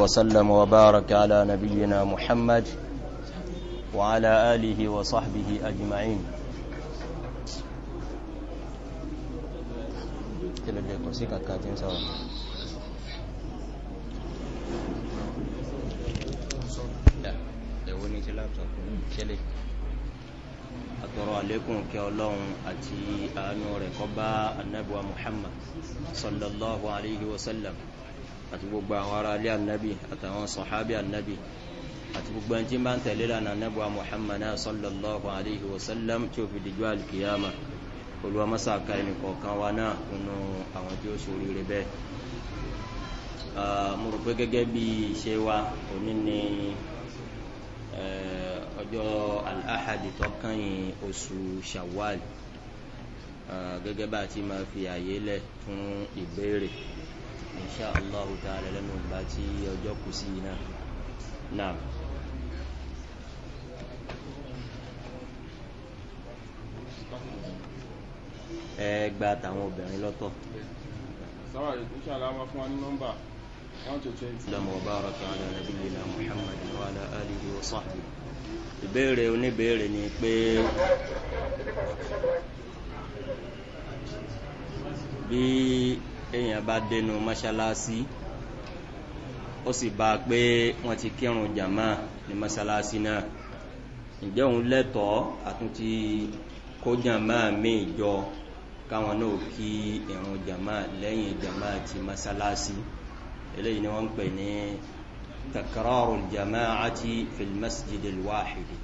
وسلم وبارك على نبينا محمد وعلى آله وصحبه أجمعين àtọ̀rọ̀ àlékún kí ọlọ́run àti àánú rẹ̀ kọ́ bá annabuwa muhammad sallallahu alaihi wasallam àti gbogbo àwọn ará ilé ànábì àtàwọn sọ̀hábì ànábì àti gbogbo ẹni tí ń bá ń tẹ̀lé lánàá nẹ́bùa muhammad sallallahu alayhi wa sallam tí ó fi dìjọ́ alkiyama olùwàmásá ka ẹnì kọ̀ọ̀kan wa náà nínú àwọn tí ó sòrí rẹ bẹ́ẹ̀. mo rò pé gẹ́gẹ́ bí ṣe wa òní ni ọjọ́ al-ahadi tó oṣù shawwal gẹ́gẹ́ bá ti máa fi àyè lẹ̀ fún ìbéèrè insha Allah ta'ala lẹ́nu ìgbà tí ọjọ́ kù sí iná náà ẹgbà àtàwọn obìnrin lọ́tọ̀ sáwà ìṣẹ́ aláwọ̀ fún wa ní nọ́mbà 120 lọ́mọ̀ ọba ọ̀rọ̀ kan lọ́nà ìbéèrè oníbéèrè ni pé bí èèyàn bá dénú mọ́ṣáláṣí ó sì bá a pé wọ́n ti kírun jàmá ní mọ́ṣáláṣí náà ǹjẹ́ òun lẹ́tọ̀ọ́ àtúntí kó jàmá míì jọ káwọn náà kí ìrun jàmá lẹ́yìn jàmá ti mọ́ṣáláṣí eléyìí ni wọ́n ń pè ní takraru jamaati fil masjid alwahidi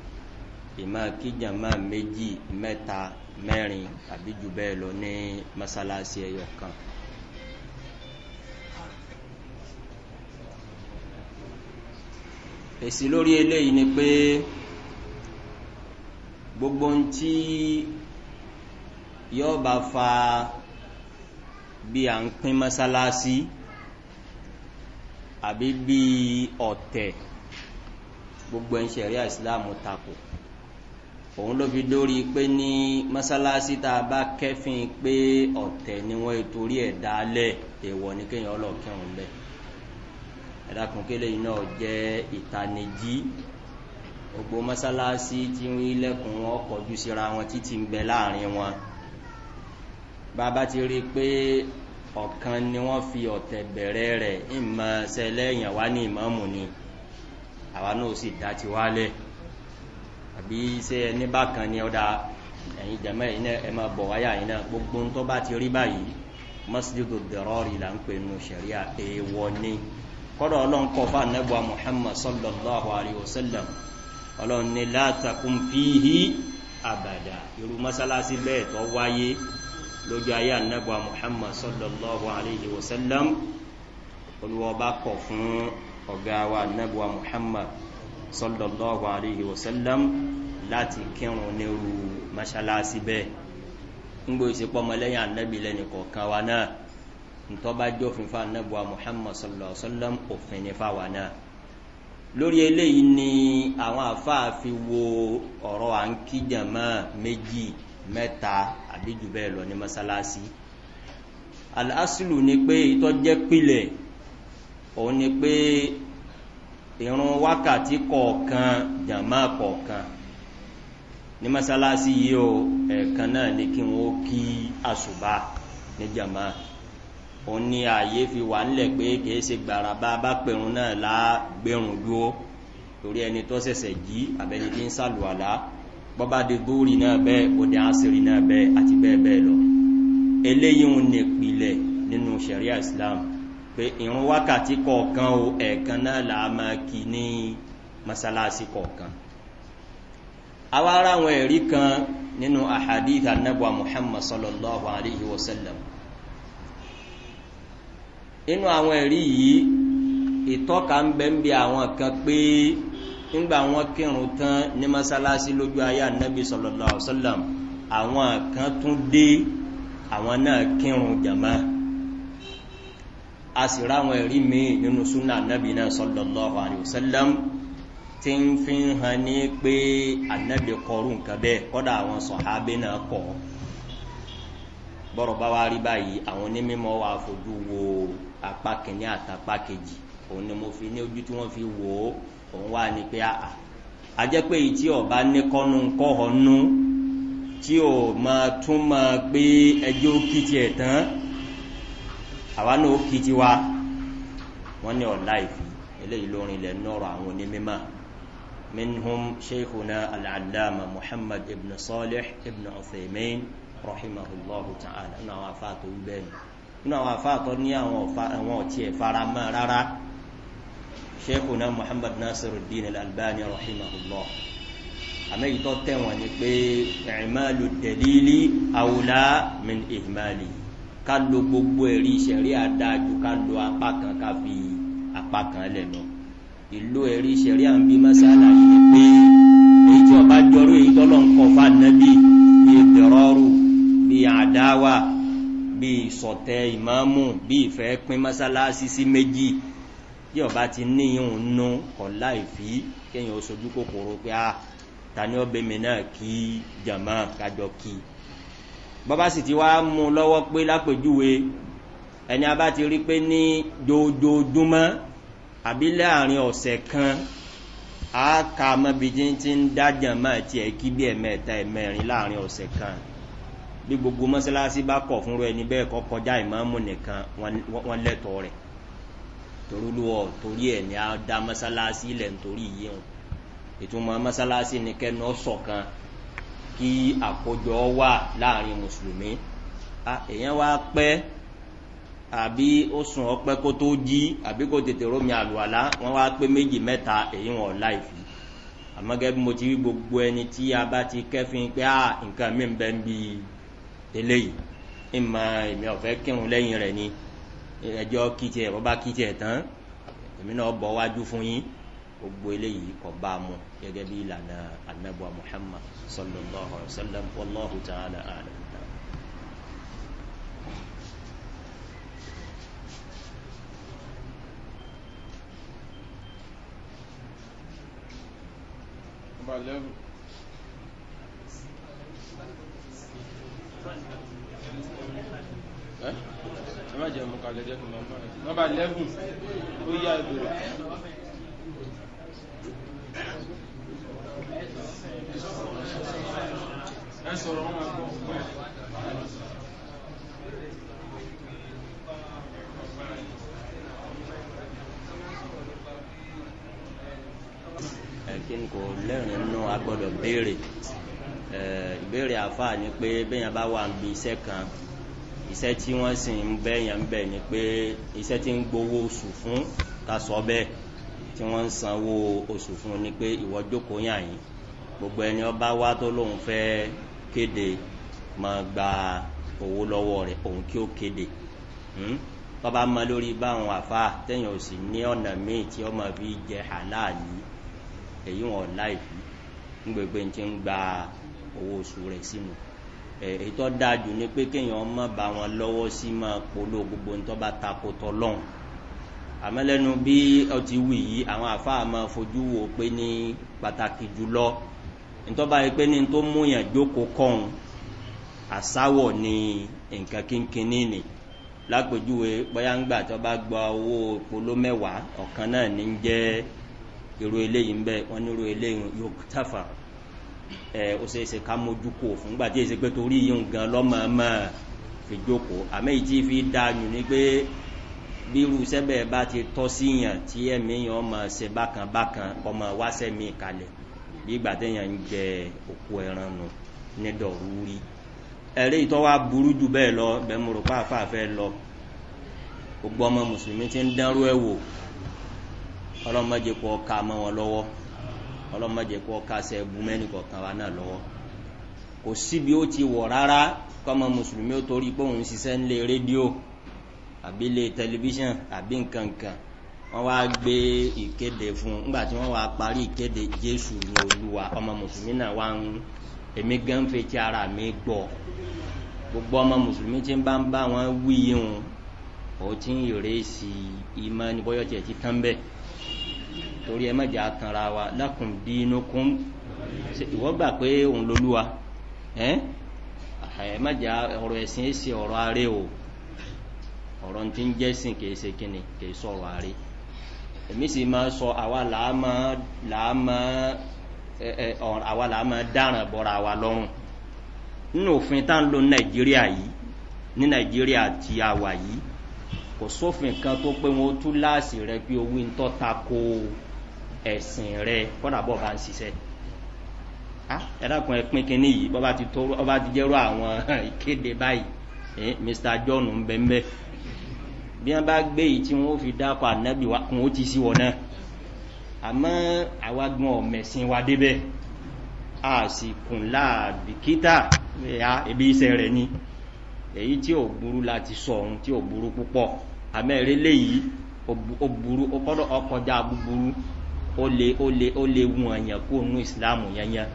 ìmá kí jàmá méjì mẹ́ta mẹ́rin àbí jù bẹ́ẹ̀ lọ ní mọ́ṣáláṣí kan. èsì lórí eléyìí ni pé gbogbo ń tí yóò bá fa bí à ń pín mọ́sálásí àbí bí ọ̀tẹ̀ gbogbo ń ṣẹ̀rí àìsíláàmù takò òun ló fi dórí pé ní mọ́sálásí tá a bá kẹ́fìn pé ọ̀tẹ̀ ni wọ́n torí ẹ̀ dálẹ̀ èèwọ̀ ní kéèyàn ọlọ́ọ̀kẹ́hùn bẹ́ẹ̀ ẹ̀dàkùn kélé iná jẹ́ ìtanijí gbogbo mọ́sálásí tí ń ilẹ̀kùn wọn kọjú síra wọn títí ń bẹ láàrin wọn bàbá ti rí pé ọ̀kan ni wọ́n fi ọ̀tẹ̀ bẹ̀rẹ̀ rẹ̀ ìmọ̀ sẹlẹ̀yìn wá ní ìmọ̀ọ́mù ni àwa náà sì dá ti wálẹ̀ àbí ṣe ẹni bákan ni ọ̀dà ẹ̀yin jẹ̀mọ́ ẹ̀yin náà ẹ̀ máa bọ̀ wáyà yìí náà gbogbo ń tó bá ti rí báyìí mọ́sídìgò dẹ̀rọ́ọ̀rì là ń pè nù sẹ̀ríà èèwọ̀ ni kọ́dọ̀ ọlọ́run kọ fún anábọ̀ muhammad sallallahu alayhi wa sallam ọlọ́run ni látàkùn fíhí àbàdà irú mọ́sálásí bẹ́ẹ̀ tó wáyé lójú ayé anábọ̀ muhammad sallallahu alayhi wa sallam olùwọ́ba kọ̀ fún ọ̀gá wa anábọ̀ muhammad sallallahu alayhi wa sallam láti kírun nírú mọ́sálásí bẹ́ẹ̀ ń ntọ́ba jófin fún anabuwa muhammad sallallahu alaihi wa sallam òfin ní fáwa náà lórí eléyìí ni àwọn afáàfi wo ọ̀rọ̀ à ń kí jàmá méjì mẹ́ta àbí jù bẹ́ẹ̀ lọ ní mọ́sálásí aláṣìlù ni pé ìtọ́jẹ́ pilẹ̀ òun ni pé ìrun wákàtí kọ̀ọ̀kan jàmá kọ̀ọ̀kan ní mọ́sálásí yìí o ẹ̀ẹ̀kan náà ni kí wọ́n kí àṣùbà ní jàmá òun ni ààyè fi wà ńlẹ̀ pé kìí ṣe gbàrà bá a bá pẹ̀rùn náà lá gbẹ̀rùn dúró torí ẹni tó ṣẹ̀ṣẹ̀ jí àbẹ́ni tí ń sàlùwàlá bọ́bá de búrì náà bẹ́ẹ̀ òde àṣírí náà bẹ́ẹ̀ àti bẹ́ẹ̀ bẹ́ẹ̀ lọ eléyìí ń ní pilẹ̀ nínú sẹ̀ríà islam pé ìrún wákàtí kọ̀ọ̀kan o ẹ̀ẹ̀kan náà là á máa kí ní masalasi kọ̀ọ̀kan àwa ara àwọn ẹ̀rí kan nínú ahadith anabu muhammad sallallahu alayhi wa sallam inú àwọn ẹ̀rí yìí ìtọ́ka ń bẹ ń bi àwọn kan pé ńgbà wọn kírun tán ní mọ́sálásí lójú ayé ànábì sọlọ́lá ọ̀sọ́làm àwọn kan tún dé àwọn náà kírun jàmá a sì ráwọn ẹ̀rí míì nínú súnà ànábì náà sọlọ́lá ọ̀sọ́làm tí ń fi hàn ní pé ànábì kọrú nǹkan bẹ́ẹ̀ kọ́dà àwọn sọ̀hábẹ́ náà kọ́ bọ́rọ̀ bá wá rí báyìí àwọn onímọ̀ wà fojú wo apá kìíní àtàpá kejì òun ni mo fi ní ojú tí wọ́n fi wò ó òun wà ní pé àà ajẹ́ pé èyí tí ọba ní kọ́nu kọ́họ́nú tí ò máa tún máa pé ẹjọ́ kìtì ẹ̀ tán àwa náà ó wa wọ́n ní ọ̀la ìfì eléyìí ló rinlẹ̀ nọ́ọ̀rọ̀ àwọn onímọ̀ minhum sheikhuna al muhammad ibn salih ibn uthaymin rahimahullahu ta'ala náà àwọn afáàtò ń bẹ́ẹ̀ ni nínú àwọn afáàtọ́ ní àwọn ọ̀tí ẹ̀ faramọ́ rárá sheikhuna muhammad nasiruddin al-albani rahimahullah àmọ́ ìtọ́ tẹ̀wọ̀n ni pé ìmáàlù dẹ̀lílì àwùlá min ìmáàlì ká lo gbogbo ẹ̀rí ìṣẹ̀rí àdáàjù ká lo apá kan ká fi apá kan lẹ̀nu ìlú ẹ̀rí ìṣẹ̀rí à ń bí mọ́sálà yìí pé èyí tí ọba jọrọ èyí tọ́lọ́ ń kọ́ fún anabi bíi bẹ̀rọ̀rù bíi àdáwà bí sọ̀tẹ̀ ìmáàmù bí ìfẹ́ pín mọ́sálásí sí méjì bí ọba ti níyìn nù kọ̀ láì fi kéèyàn sojú kòkòrò pé a ah, ta ni ọbẹ̀ mi náà kí jàmá kájọ kí bọ́bá sì ti wá mú lọ́wọ́ pé lápèjúwe ẹni abá ti rí pé ní dojoojúmọ́ àbí láàrin ọ̀sẹ̀ kan a kà mọ́bi tí ń dá jàmá tiẹ̀ kí bí ẹ̀mẹ́ta ẹ̀mẹ́rin láàrin ọ̀sẹ̀ kan bí gbogbo mọ́sálásí bá kọ̀ fún ẹni bẹ́ẹ̀ kọ́ kọjá ìmáàmù nìkan wọ́n lẹ́tọ̀ọ́ rẹ̀ torúlùwọ̀ torí ẹ̀ ní a dá mọ́sálásí ilẹ̀ nítorí yìí hàn ìtumọ̀ mọ́sálásí ni kẹ́nu ọ̀sọ̀kan kí àkójọ wà láàrin mùsùlùmí èèyàn wá pẹ́ àbí ó sùn ọpẹ́ kó tó jí àbí kó tètè rómi àlùwàlá wọ́n wá pé méjì mẹ́ta èyí wọn láìfi àmọ́ gẹ́gẹ́ bí mo ti rí gbogbo ẹni tí a bá ti kẹ́fín pé nǹkan mi ń bẹ́ ń bí i àtẹlẹyìn ìmọ̀ èmi ọ̀fẹ́ kírun lẹ́yìn rẹ̀ ni ẹjọ́ kí tiẹ̀ bọ́ bá kí tiẹ̀ tán èmi náà bọ̀ wájú fún yín gbogbo eléyìí kọ bá a mú gẹ́gẹ́ bí ìlànà anábọ̀ muhammad sallallahu alayhi wa sallam wallahu ta'ala ala. Valeu. ẹ má jẹ mọ kalẹ jẹ kí n máa bá nọmba eleven ó yá ìgbèrò. ẹ sọ̀rọ̀ wọn máa gbọ́ ẹ̀kí kò lẹ́rìn-ín nú agbọ́dọ̀ béèrè. ìbéèrè àfáà ni pé bẹ́yàn bá wà ń bi iṣẹ́ kan iṣẹ́ tí wọ́n sì ń bẹ́yàn bẹ̀ ni pé iṣẹ́ tí ń gbowó oṣù fún ká bẹ́ẹ̀ tí wọ́n ń sanwó oṣù fún ni pé ìwọ jókòó yàn yín gbogbo ẹni ọba wá tó lóun fẹ́ kéde máa gba owó lọ́wọ́ rẹ̀ òun kí ó kéde hmm? tọ́ba mọ lórí báwọn àfáà tẹ̀yìn ò sì ní ọ̀nà míì tí ọmọ fi jẹ èyí owó oṣù rẹ̀ sínú èyí tó dáa jù ni pé kéèyàn má bá wọn lọ́wọ́ sí máa polo gbogbo ní tó bá amelenu tọ́ lọ́hùn àmọ́ lẹ́nu bí ọ ti wù yìí àwọn máa fojú wo pé ní pàtàkì jùlọ ntọ́ba yìí pé ní tó ni nǹkan kínkínní ni lápèjúwe bóyá ń gbà polo mẹ́wàá ọ̀kan náà ní jẹ́ irú eléyìí ń bẹ́ẹ̀ wọ́n ní ẹ ó ṣe é ṣe ká mójú kò fúngbà tí èsì pé torí yìí ń gan lọ́mọọmọ fi jókòó àmọ́ èyí tí fi dáa yùn ni pé bí irú sẹ́bẹ̀ bá ti tọ́ sí yàn tí ẹ̀mí yàn ọmọ ṣe bákan bákan ọmọ wá sẹ́mi kalẹ̀ bí ìgbà téèyàn ń jẹ òkú ẹran nù nídọ̀rú rí ẹ̀rí ìtọ́ wa burú jù bẹ́ẹ̀ lọ bẹ́ẹ̀ mo rò pé fẹ́ lọ gbogbo ọmọ mùsùlùmí ti ń dánrú ẹ̀ ọlọ́mọdé kọ́ ká mọ́ wọn lọ́wọ́ ọlọ́mọdé kọ́ kásẹ̀ búmẹ́nì kọ̀ọ̀kan wa náà lọ́wọ́ kò síbi ó ti wọ̀ rárá kọ́mọ mùsùlùmí ó torí pé òun ṣiṣẹ́ nílé rédíò àbí lé tẹlifíṣàn àbí nǹkan kan wọ́n wá gbé ìkéde fún un nígbà tí wọ́n wá parí ìkéde jésù ní olúwa ọmọ mùsùlùmí náà wá ń èmi gan fẹ́ ti ara mi gbọ́ gbogbo ọmọ mùsùlùmí tí ń bá ń bá wọn wí yìí hùn ó ti ń yòrè sí ìmọ̀ ní bọ́yọ̀ tiẹ̀ ti tán bẹ́ẹ̀ torí ẹ mẹ́jẹ̀ àtànra wa lákùn dínúkún ìwọ́ gbà pé òun lolúwa ẹ mẹ́jẹ̀ ọ̀rọ̀ ẹ̀sìn ẹ̀ ṣe ọ̀rọ̀ aré o ọ̀rọ̀ tí ń jẹ́sìn kìí ṣe kíni kìí sọ̀rọ̀ aré èmi sì máa sọ àwa làá máa dáràn bọ́ra wa lọ́rùn nínú òfin tá ń lo nàìjíríà yìí ní nàìjíríà ti àwà yìí kò sófin kan tó pé wọn ó tú láàsì rẹ pé owó ń tọ́ ta ko o ẹ̀sìn rẹ kọ́dà bọ́ bá ń ṣiṣẹ́ ah, ẹ̀dàkùn ẹ̀pin kínní yìí bọ́ bá ti tó ọba ti jẹ́rọ àwọn ìkéde báyìí eh, mr john ń bẹ́ ń bẹ́ bí wọ́n bá gbé yìí tí wọ́n fi dákọ̀ ànábì wa kún ó ti sí wọn náà àmọ́ àwa ọ̀mẹ̀sìn wa débẹ̀ a sì kùn láàbìkítà ẹ̀yà eh, ebi iṣẹ́ rẹ̀ ni èyí tí ò burú láti sọ ohun tí ò burú púpọ̀ àmọ́ léyìí ó burú ó kọ́dọ̀ ọkọjá búburú. Ole ole ole lè ó lè wù ọ̀yàn kó nú ìsìláàmù yanyan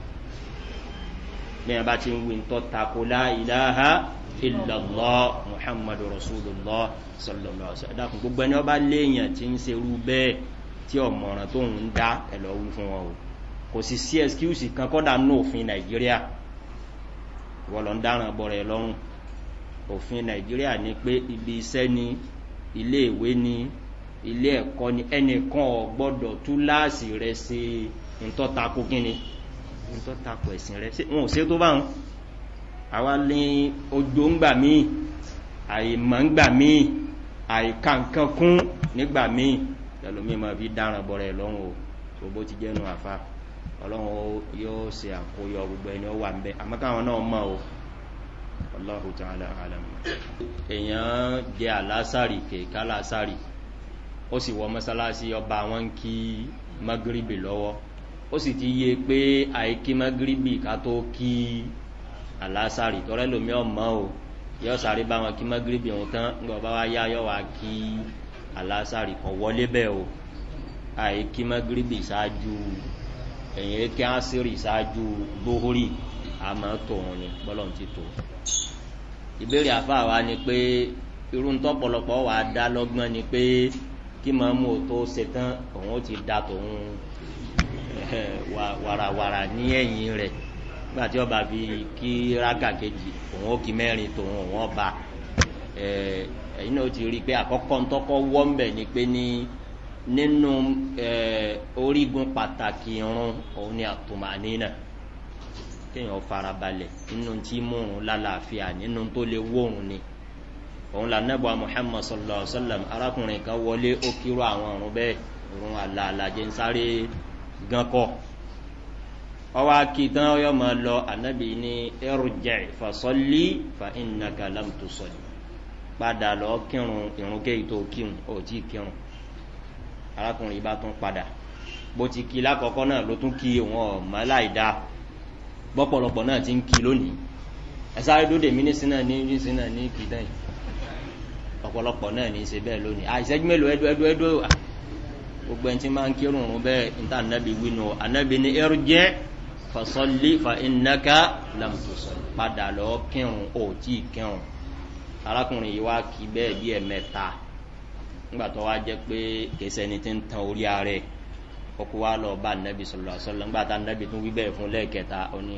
bẹ́ẹ̀ bá ti ń wí tọ́ tako láìláha ìlọ́lọ́ muhammadu rasulillah sallallahu alaihi wa sallam dákun gbogbo ẹni ọba léèyàn ti ń serú bẹ́ẹ̀ tí ọmọràn tó ń dá ẹ lọ wí fún wọn o kò sì sí excuse kan kọ́dà ní òfin nàìjíríà wọ́n lọ ń dáràn bọ̀rẹ̀ lọ́rùn òfin nàìjíríà ni pé ibi iṣẹ́ ni ilé ìwé ni ilé ẹ̀kọ́ ni ẹnìkan ọ̀ gbọ́dọ̀ tú láàsì rẹ̀ ṣe ntọ́tako kínni ntọ́tako ẹ̀sìn rẹ̀ ṣe wọn ò ṣe tó bá wọn àwa ní ojo ń gbà míì àìmọ̀ ń gbà míì àìka nǹkan kún nígbà míì ẹlòmíì máa fi dáràn bọ̀rẹ̀ lọ́rùn o tó bó ti jẹ́nu àfa ọlọ́run yóò ṣe àkóyọ gbogbo ẹni ó wà ń bẹ àmọ́ káwọn náà mọ̀ o ọlọ́run tí wọ́n á lọ àlẹ́ mọ́ èèyàn jẹ́ àlásàrì kèéká lásàrì ó sì wọ mọ́sálásí ọba wọn kí magrebi lọ́wọ́ ó sì ti yé pé àìkí magrebi ká tó kí alásàrì tọ́rẹ́ lomi ọmọ o yọ sáré bá wọn kí magrebi ọ̀hún tán ńgbà bá wá yá yọ wá kí alásàrì kan wọlé bẹ́ẹ̀ o àìkí magrebi ṣáájú ẹ̀yìn kí ásírì ṣáájú bóhórì àmọ́ tòun ni bọ́lọ̀ ti tò ìbéèrè àfáà wa ni pé irú tọ́pọ̀lọpọ̀ wà á dá lọ́gbọ́n ni pé. Pe kí màá mú o tó ṣe tán òun ó ti da tòun wàràwàrà ní ẹ̀yìn rẹ̀ nígbà tí ọba fi kí rákà kejì òun ó kí mẹ́rin tòun òun ọba ẹ̀yin náà ti rí i pé àkọ́kọ́ ntọ́kọ́ wọ́ ń bẹ̀ ni pé ní nínú orígun pàtàkì irun òun ni àtùmánínà kéèyàn farabalẹ̀ nínú tí mú un lálàáfíà nínú tó lè wórun ni òun là nẹ́bọ̀ muhammad sallallahu alayhi wa sallam arákùnrin kan wọlé ó kíró àwọn ọ̀run bẹ́ẹ̀ òun àlàalàjẹ́ ń sáré gan kọ́ ọwọ́ akitan ọyọ́ máa lọ anabi ní ẹrùjẹ fasọ́lí fa ìnàkà lámùtò sọ̀lì padà lọ kírun ìrúnkẹ́ ètò kírun ò tí kírun arákùnrin bá tún padà bó ti kí lákọ̀ọ́kọ́ náà ló tún kí wọn ọ̀mọ́ láìda náà ti ń kí lónìí ẹ̀sáré dóde mínísí náà ní mínísí náà ní kìtàn ọ̀pọ̀lọpọ̀ náà ní í ṣe bẹ́ẹ̀ lónìí àìsẹ́jú mélòó ẹdú ẹdú ẹdú gbogbo ẹni tí máa ń kírun òun bẹ́ẹ̀ níta ànábi wínú ànábi ní ẹrú jẹ́ fasọ́lé fa ináka lamtòsọ padà lọ kírun ó tí ì kírun arákùnrin yìí wá kí bẹ́ẹ̀ bí ẹ̀mẹ́ta nígbà tó wá jẹ́ pé kẹsẹ́ ni ti ń tan orí ààrẹ ọkọ̀ wa lọ bá ànábi sọ̀rọ̀ sọ̀rọ̀ nígbà tá ànábi tún wí bẹ́ẹ̀ fún lẹ́ẹ̀kẹta òní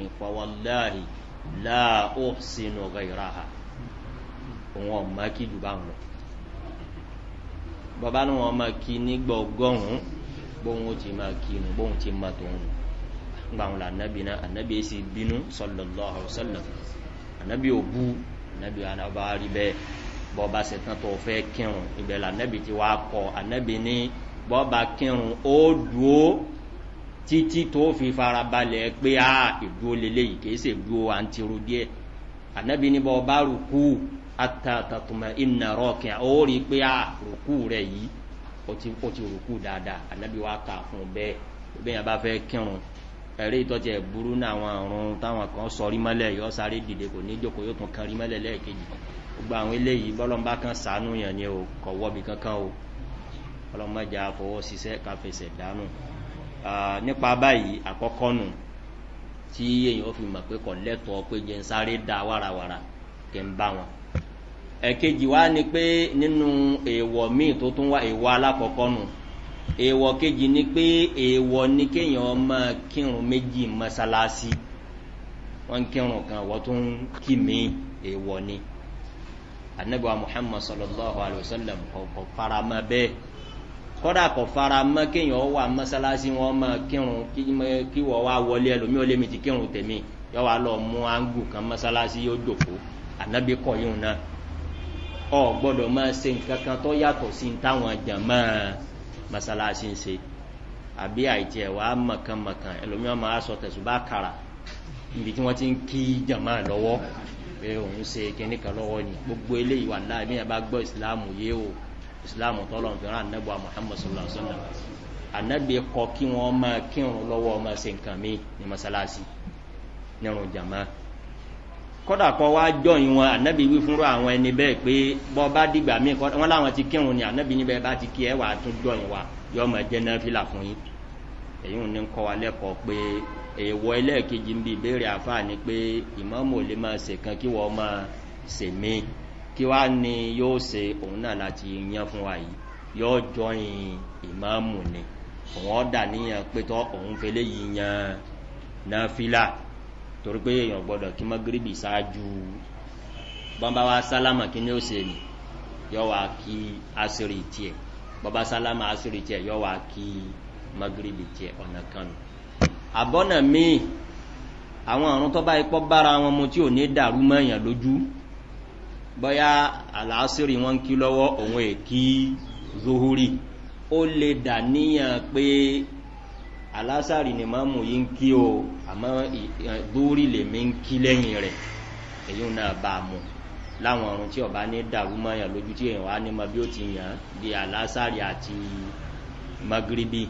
òun ọ̀ma kí jù bá wọn lọ bàbá ni wọn máa kí nígbà ọgọ́rùn-ún bóun ó ti máa kí nu bóun ti máa tó nu nígbà wọn là ànábì náà ànábì èsì bínú sọlọlọ àwòsàlọ ànábì òbu ànábì ànábà rí bẹ́ẹ̀ bọ́ọ̀bá ṣetán tó fẹ́ kírun ibẹ̀ là ànábì ti wá kọ ànábì ní bọ́ọ̀bá kírun ó dúó títí tó fi farabalẹ̀ pé a ìdúró lélẹ́yìí kì í ṣe dúró à ń tiro díẹ̀ ànábì ní bọ́ọ̀bá rù atatuma ina rọkẹ ó rí i pé a ah, rùkú rẹ yìí ó ti rùkú dáadáa anabi wa kà fún bẹ́ẹ̀ bẹ́ẹ̀ yẹn bá fẹ́ kírun ẹ̀rí ìtọ́jẹ́ burú ní àwọn àrùn táwọn kan sọrí mọ́lẹ̀ yọ sáré dìde kò ní jókòó yóò tún kan rí mọ́lẹ̀ lẹ́ẹ̀kejì gbogbo àwọn eléyìí bọ́lọ́mbà kan sànú yẹn ni o kọ̀ wọ́bi kankan o ọlọ́mọdé àfọwọ́ ṣiṣẹ́ káfẹsẹ̀ dánù nípa báyìí àkọ́kọ́ nù tí èèyàn fi mọ̀ pé kọ̀ lẹ́tọ̀ọ́ pé jẹ́ ń sáré da wàràwàrà kẹ́ ń bá wọn ẹ̀kejì wá ni pé nínú èèwọ̀ míì tó tún wá èèwọ̀ alákọ̀ọ́kọ́ nù èèwọ̀ kejì ni pé èèwọ̀ ni kéèyàn ọmọ kírun méjì mọ́sálásí wọ́n ń kírun kan wọ́n tún kì mí èèwọ̀ ni anabiwa muhammad sallallahu alayhi wa sallam kò fara mọ́ bẹ́ẹ̀ kọ́dà kò fara mọ́ kéèyàn wà mọ́sálásí wọn mọ́ kírun kí wọ́n wá wọlé ẹlòmíì ó lé mi ti kírun tèmi yọ wá lọ mú áńgù kan mọ́sálásí yóò jòkó anabi kọ̀ yóò náà ọ gbọ́dọ̀ máa ṣe nǹkan kan tó yàtọ̀ sí táwọn jàmọ́ masalasi ń ṣe àbí àìtí ẹ̀ wá mọ̀kànmọ̀kàn ẹlòmíràn máa sọ tẹ̀sùbá kàrà níbi tí wọ́n ti ń kí jàmọ́ lọ́wọ́ pé òun ṣe kíní kan lọ́wọ́ ni gbogbo eléyìí wà láì bí yẹn bá gbọ́ ìsìláàmù yé o ìsìláàmù tọ́lọ̀ ń fẹ́ràn anábọ̀ muhammed sallallahu alayhi wa sallam anábì kọ kí wọ́n máa kírun lọ́wọ́ máa ṣe nǹkan míì ní masalasi nírun jàmọ́ kọ́dà kọ́ wá jọyìn wọn ànábì wí fúnra àwọn ẹni bẹ́ẹ̀ pé bọ́ bá dìgbà míì kọ́ wọn láwọn ti kírun ni ànábì níbẹ̀ bá ti kí ẹ tún jọyìn wa yọ ẹjẹ náà fìlà fún yín èyí ò ní kọ́ wa lẹ́kọ̀ọ́ pé èèwọ̀ ẹlẹ́ẹ̀kejì ń bi ìbéèrè àfáà ni pé ìmọ̀ọ́mù ò lè máa ṣe kan kí wọ́n máa ṣe mí kí wàá ní yóò ṣe òun náà láti yan fún wa yìí yóò jọyìn ìmọ̀ọ́mù ni òun ọ̀dà níyàn pé tọ́ òun fẹ́lẹ́ yìí yan náà fìlà torí pé èèyàn gbọ́dọ̀ kí mọ́gírìbì ṣáájú bọ́nbá wa sálámà kí ni ó ṣe nì yọ wá kí asiri tiẹ̀ bọ́nbá sálámà asiri tiẹ̀ yọ wá kí mọ́gírìbì tiẹ̀ ọ̀nà kan nù. àbọ̀nà míì àwọn àrùn tó bá ipọ́ bára wọn mu tí ò ní dàrú mọ́yàn lójú bọ́yá àlàásìrì wọn kí lọ́wọ́ òun èkí zuhuri ó lè dà níyàn pé alásàrì ni mọ́mù yìí ń kí o àmọ́ dúrí lèmi ń kí lẹ́yìn rẹ̀ èyí náà bá a mú láwọn ọ̀run tí ọba ní dàrú mọ́yàn lójú tí èèyàn wá ní mọ bí ó ti yàn bí alásàrì àti magribi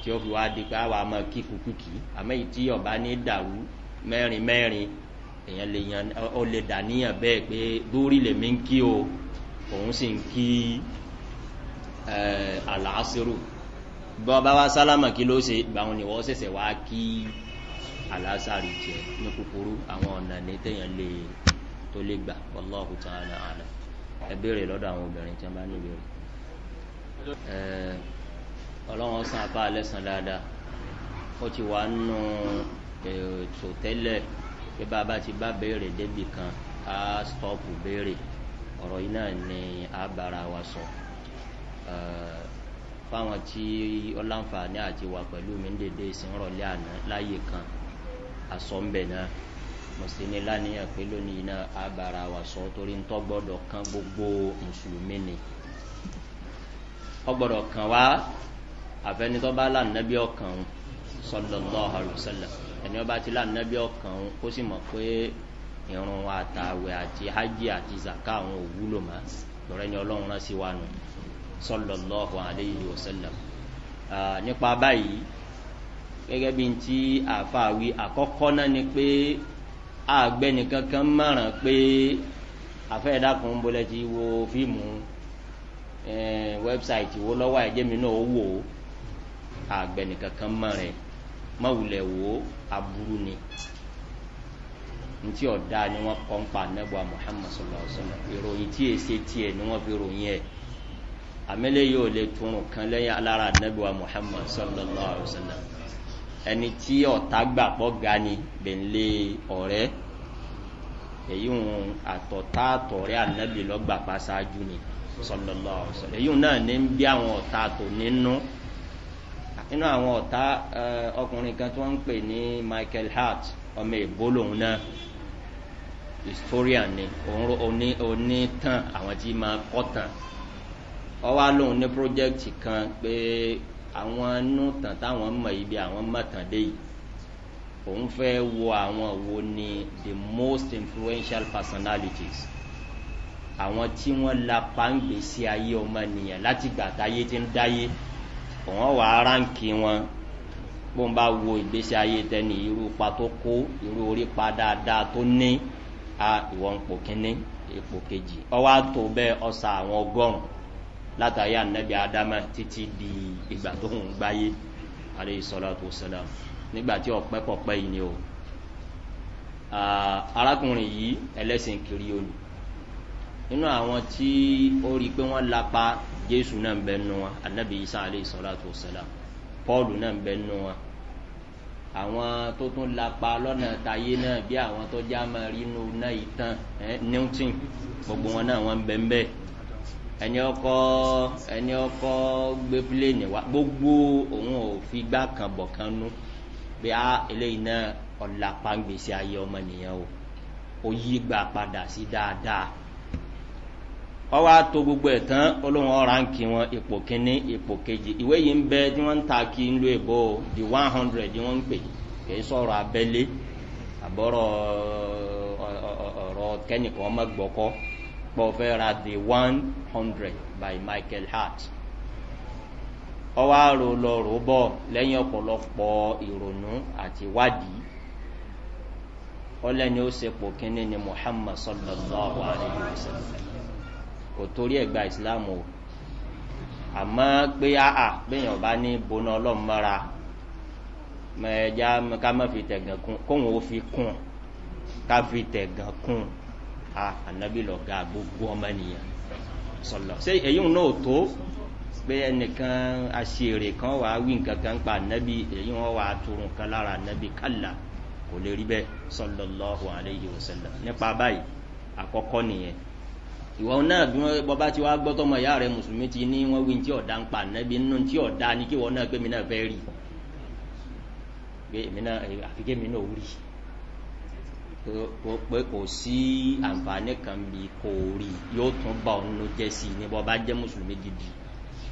tí ó fi wá di pé àwa máa kí kùkùkì àmọ́ èyí tí ọba ní dàrú mẹ́rin mẹ́rin èèyàn lè yan ọ lè dà níyàn bẹ́ẹ̀ pé dúrí lèmi ń kí o òun sì ń kí àlàásírù. Uh, bọ́ bá wá sálámà kí ló ṣe gbàwọn ni wọ́n ṣẹ̀ṣẹ̀ wá kí alásàrì jẹ ní kúkúrú àwọn ọ̀nà ní tẹ̀yàn lè tó lè gbà ọlọ́ọ̀kú tán àná àná ẹ béèrè lọ́dọ̀ àwọn obìnrin tí wọ́n bá níbi rẹ̀ ọlọ́wọ́n san apá alẹ́ san dáadáa ó ti wà nù ètò tẹ́lẹ̀ pé bàbá ti bá béèrè débì kan á stọ́ọ̀pù béèrè ọ̀rọ̀ yìí náà ni àbára wa sọ. fáwọn tí ọláǹfààní àti wà pẹ̀lú mi ń ìsìnrọ̀lẹ́ àná láyé kan àsọ̀ǹbẹ̀ náà mo sì pé lónìí náà abara wa sọ torí ń tọ́ kan gbogbo mùsùlùmí ni ọgbọ́dọ̀ kan wá àfẹnitọ́ bá lànàbí ọkàn ẹni ọba ti lànàbí ọkàn ó sì mọ̀ pé àtàwẹ̀ àti hajj àti zaka àwọn òwúlò mọ́ lọ́rẹ́ ni ọlọ́run rán sí sọlọlọ́hu aleyhi wasalam nípa báyìí gẹ́gẹ́ bí n ti àfàwí àkọ́kọ́ náà ni pé àgbẹ̀ni kankan mọ̀ràn pé àfẹ́ẹ̀dàkùn bọ́lẹ̀ ti wo fíìmù wẹ́bsáìtì wo lọ́wọ́ ẹ̀jẹ̀mí náà ó wò kankan mọ̀ràn mọ̀wulẹ̀ wò ó aburú ni ntí ni wọ́n kọ́ àmẹ́lẹ́ yóò lè túnrùn kan lẹ́yìn alára anábíwá muhammad sallallahu alayhi wa sallam ẹni tí ọ̀tá gbà pọ̀ ga ni bẹ̀ńlẹ̀ ọ̀rẹ́ èyí ń àtọ̀tá àtọ̀rẹ́ anábì lọ́gbà pa ṣáájú ni sallallahu alayhi wa sallam èyí náà ní ń bí àwọn ọ̀tá tó nínú inú àwọn ọ̀tá ọkùnrin kan tí wọ́n ń pè ní michael hart ọmọ èbó lòun náà historian ni òun ní tán àwọn tí máa kọ́ tán ọwọ́ alóhùn ní project kan pé àwọn inú tàn táwọn mọ̀ ibi àwọn mọ̀tàn dé yìí òun fẹ́ wo àwọn wo ni the most influential personalities àwọn tí wọ́n lapa ń gbèsè ayé ọmọnìyàn láti gbà táyé ti ń dáyé òun wà á ránkì wọn bó ń bá wo ìgbésí ayé tẹni irú pa tó kó irú orí pa dáadáa tó ní a ìwọ̀n ipò kínní ipò kejì ọwọ́ àtò bẹ́ẹ̀ ọ̀sà àwọn ọgọ́rùn-ún látàrí anabi adama títí di ìgbà tó ń gbáyé aleyhi sọlátù sọlám nígbà tí ọ̀pẹ́ kọ̀pẹ́ yìí ni o arákùnrin yìí ẹlẹ́sìn kiri olù nínú àwọn tí ó rí i pé wọ́n lapa jésù náà ń bẹ wọn anabi isa aleyhi sọlátù sọlám pọ́ọ̀lù náà ń bẹ wọn àwọn tó tún lapa lọ́nà tayé náà bí àwọn tó já máa rí inú náà yìí tán newton gbogbo wọn náà wọ́n ń bẹ́ẹ̀. ẹni ọkọ ẹni ọkọ gbé pílẹ̀nì gbogbo òun ò fi gbá kan bọ̀ kan nú bí a eléyìí náà ayé ọmọ nìyẹn o ó yí gbà padà sí dáadáa wọ́n wá gbogbo ẹ̀ tán olóhùn wọn ipò kínní ipò kejì ìwé yìí ń bẹ tí wọ́n ń ta kí ń lo ìbò the one pọ̀fẹ́ ra the one by michael hart ọwọ́ àrò lọ rò bọ̀ lẹ́yìn ọ̀pọ̀lọpọ̀ ìrònú àti ìwádìí ọlẹ́ni ó sepò kínní ni muhammad sallallahu wà ní kò torí ẹ̀gbà islam o àmọ́ pé àà bẹ́yàn bá ní ká má fi tẹ̀gàn a ah, ànábì lọ́gà gbogbo ọmọ nìyẹn sọlọ ṣé èyí náà tó pé ẹnìkan aṣèrè kan wàá wí nǹkan kan pa ànábì èyí wọn wàá turun kan lára ànábì kálá kò lè rí bẹ́ẹ̀ sọlọ lọ́hùn àlẹ́yìí òṣèlú nípa báyìí àkọ́kọ́ nìyẹn ìwọ náà bí wọn bọba tí wàá gbọ́ tọmọ ìyá rẹ mùsùlùmí ti ní wọn wí ní tí ọ̀dà ń pa ànábì nínú tí ọ̀dà ni kí wọn náà gbé mi náà fẹ́ rí gbé mi náà àfikẹ́ mi náà wúri pé kò sí àǹfààní kan bí kò rí yóò tún bá òun jẹ́ sí i ní bọ́ jẹ́ mùsùlùmí gidi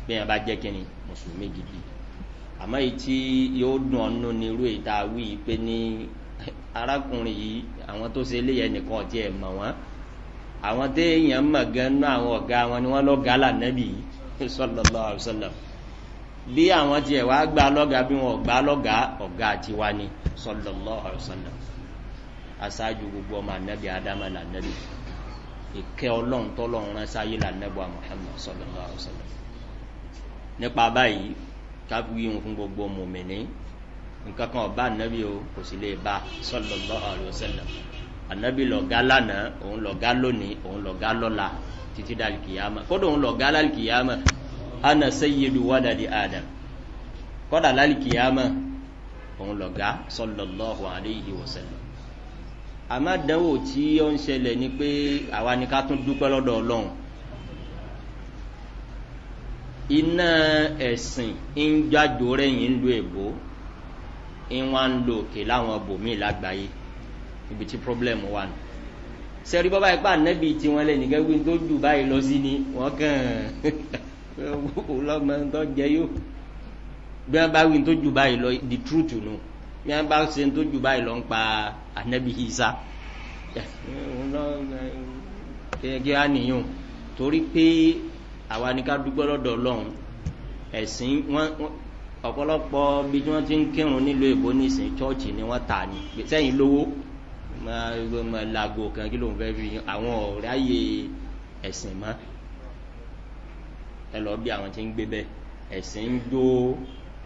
bí yẹn bá jẹ́ kínní mùsùlùmí gidi àmọ́ èyí tí yóò dùn ọ́nú ni irú èyí tá a wí pé ní arákùnrin yìí àwọn tó ṣe eléyẹ nìkan ọ̀tí ẹ̀ mọ̀ wọ́n àwọn téèyàn mọ̀ gan nú àwọn ọ̀gá wọn ni wọ́n lọ́ọ́ gàlà nẹ́bì yìí sọlọ́lọ́ bí àwọn tiẹ̀ wá gbà lọ́gàá bí wọn ọ̀gbà lọ́gàá ọ̀gá tiwa ni sọlọ́lọ́ àbùsọ̀lọ́ aṣáájú gbogbo ọmọ anabi adama la anabi ìkẹ́ ọlọ́run tọ́lọ́run rán sáyé la anabi wa muhammed sallallahu alayhi wa sallam nípa báyìí kábíyì ń fún gbogbo mòmìnì nǹkan kan ọba anabi o kò sì lè ba sallallahu alayhi wa sallam anabi lọ̀gá lánàá òun lọ̀gá lónìí òun lọ̀gá lọ́la títí dàlí kìyàmà kódà òun lọ̀gá lálí kìyàmà ana sayyidu wadadi adam kódà lálí kìyàmà òun lọ̀gá sallallahu alayhi wa sallam àmọ́ àdánwò tí ó ń ṣẹlẹ̀ ni pé àwa ni ká tún dúpẹ́ lọ́dọ̀ ọlọ́run iná ẹ̀sìn ń jájò rẹ̀yìn ń lo èbó ń wá ń lo òkè láwọn bòmíì lágbàáyé ibi tí pírọ́blẹ́mù wà nù sẹ́rí bọ́bá ipá nẹ́bí tí wọ́n lé nìkan wí tó dù báyìí lọ sí ni wọ́n kàn án lọ́mọ tó jẹ yó bí wọ́n bá wí tó dù báyìí lọ the truth nù bí wọ́n bá ṣe tó dù báyìí lọ ń pa á anabi isa gẹ́gẹ́ àníyàn torí pé àwa ni ká dúpẹ́ lọ́dọ̀ ọlọ́run ẹ̀sìn wọn ọ̀pọ̀lọpọ̀ bí wọ́n ti ń kírun nílùú èkó nísìn chọ́ọ̀chì ni wọ́n tà ní sẹ́yìn lówó làgò kan kí lóun fẹ́ fi àwọn ọ̀rẹ́ àyè ẹ̀sìn mọ́ ẹ lọ bí àwọn ti ń gbé bẹ́ẹ̀ ẹ̀sìn ń jó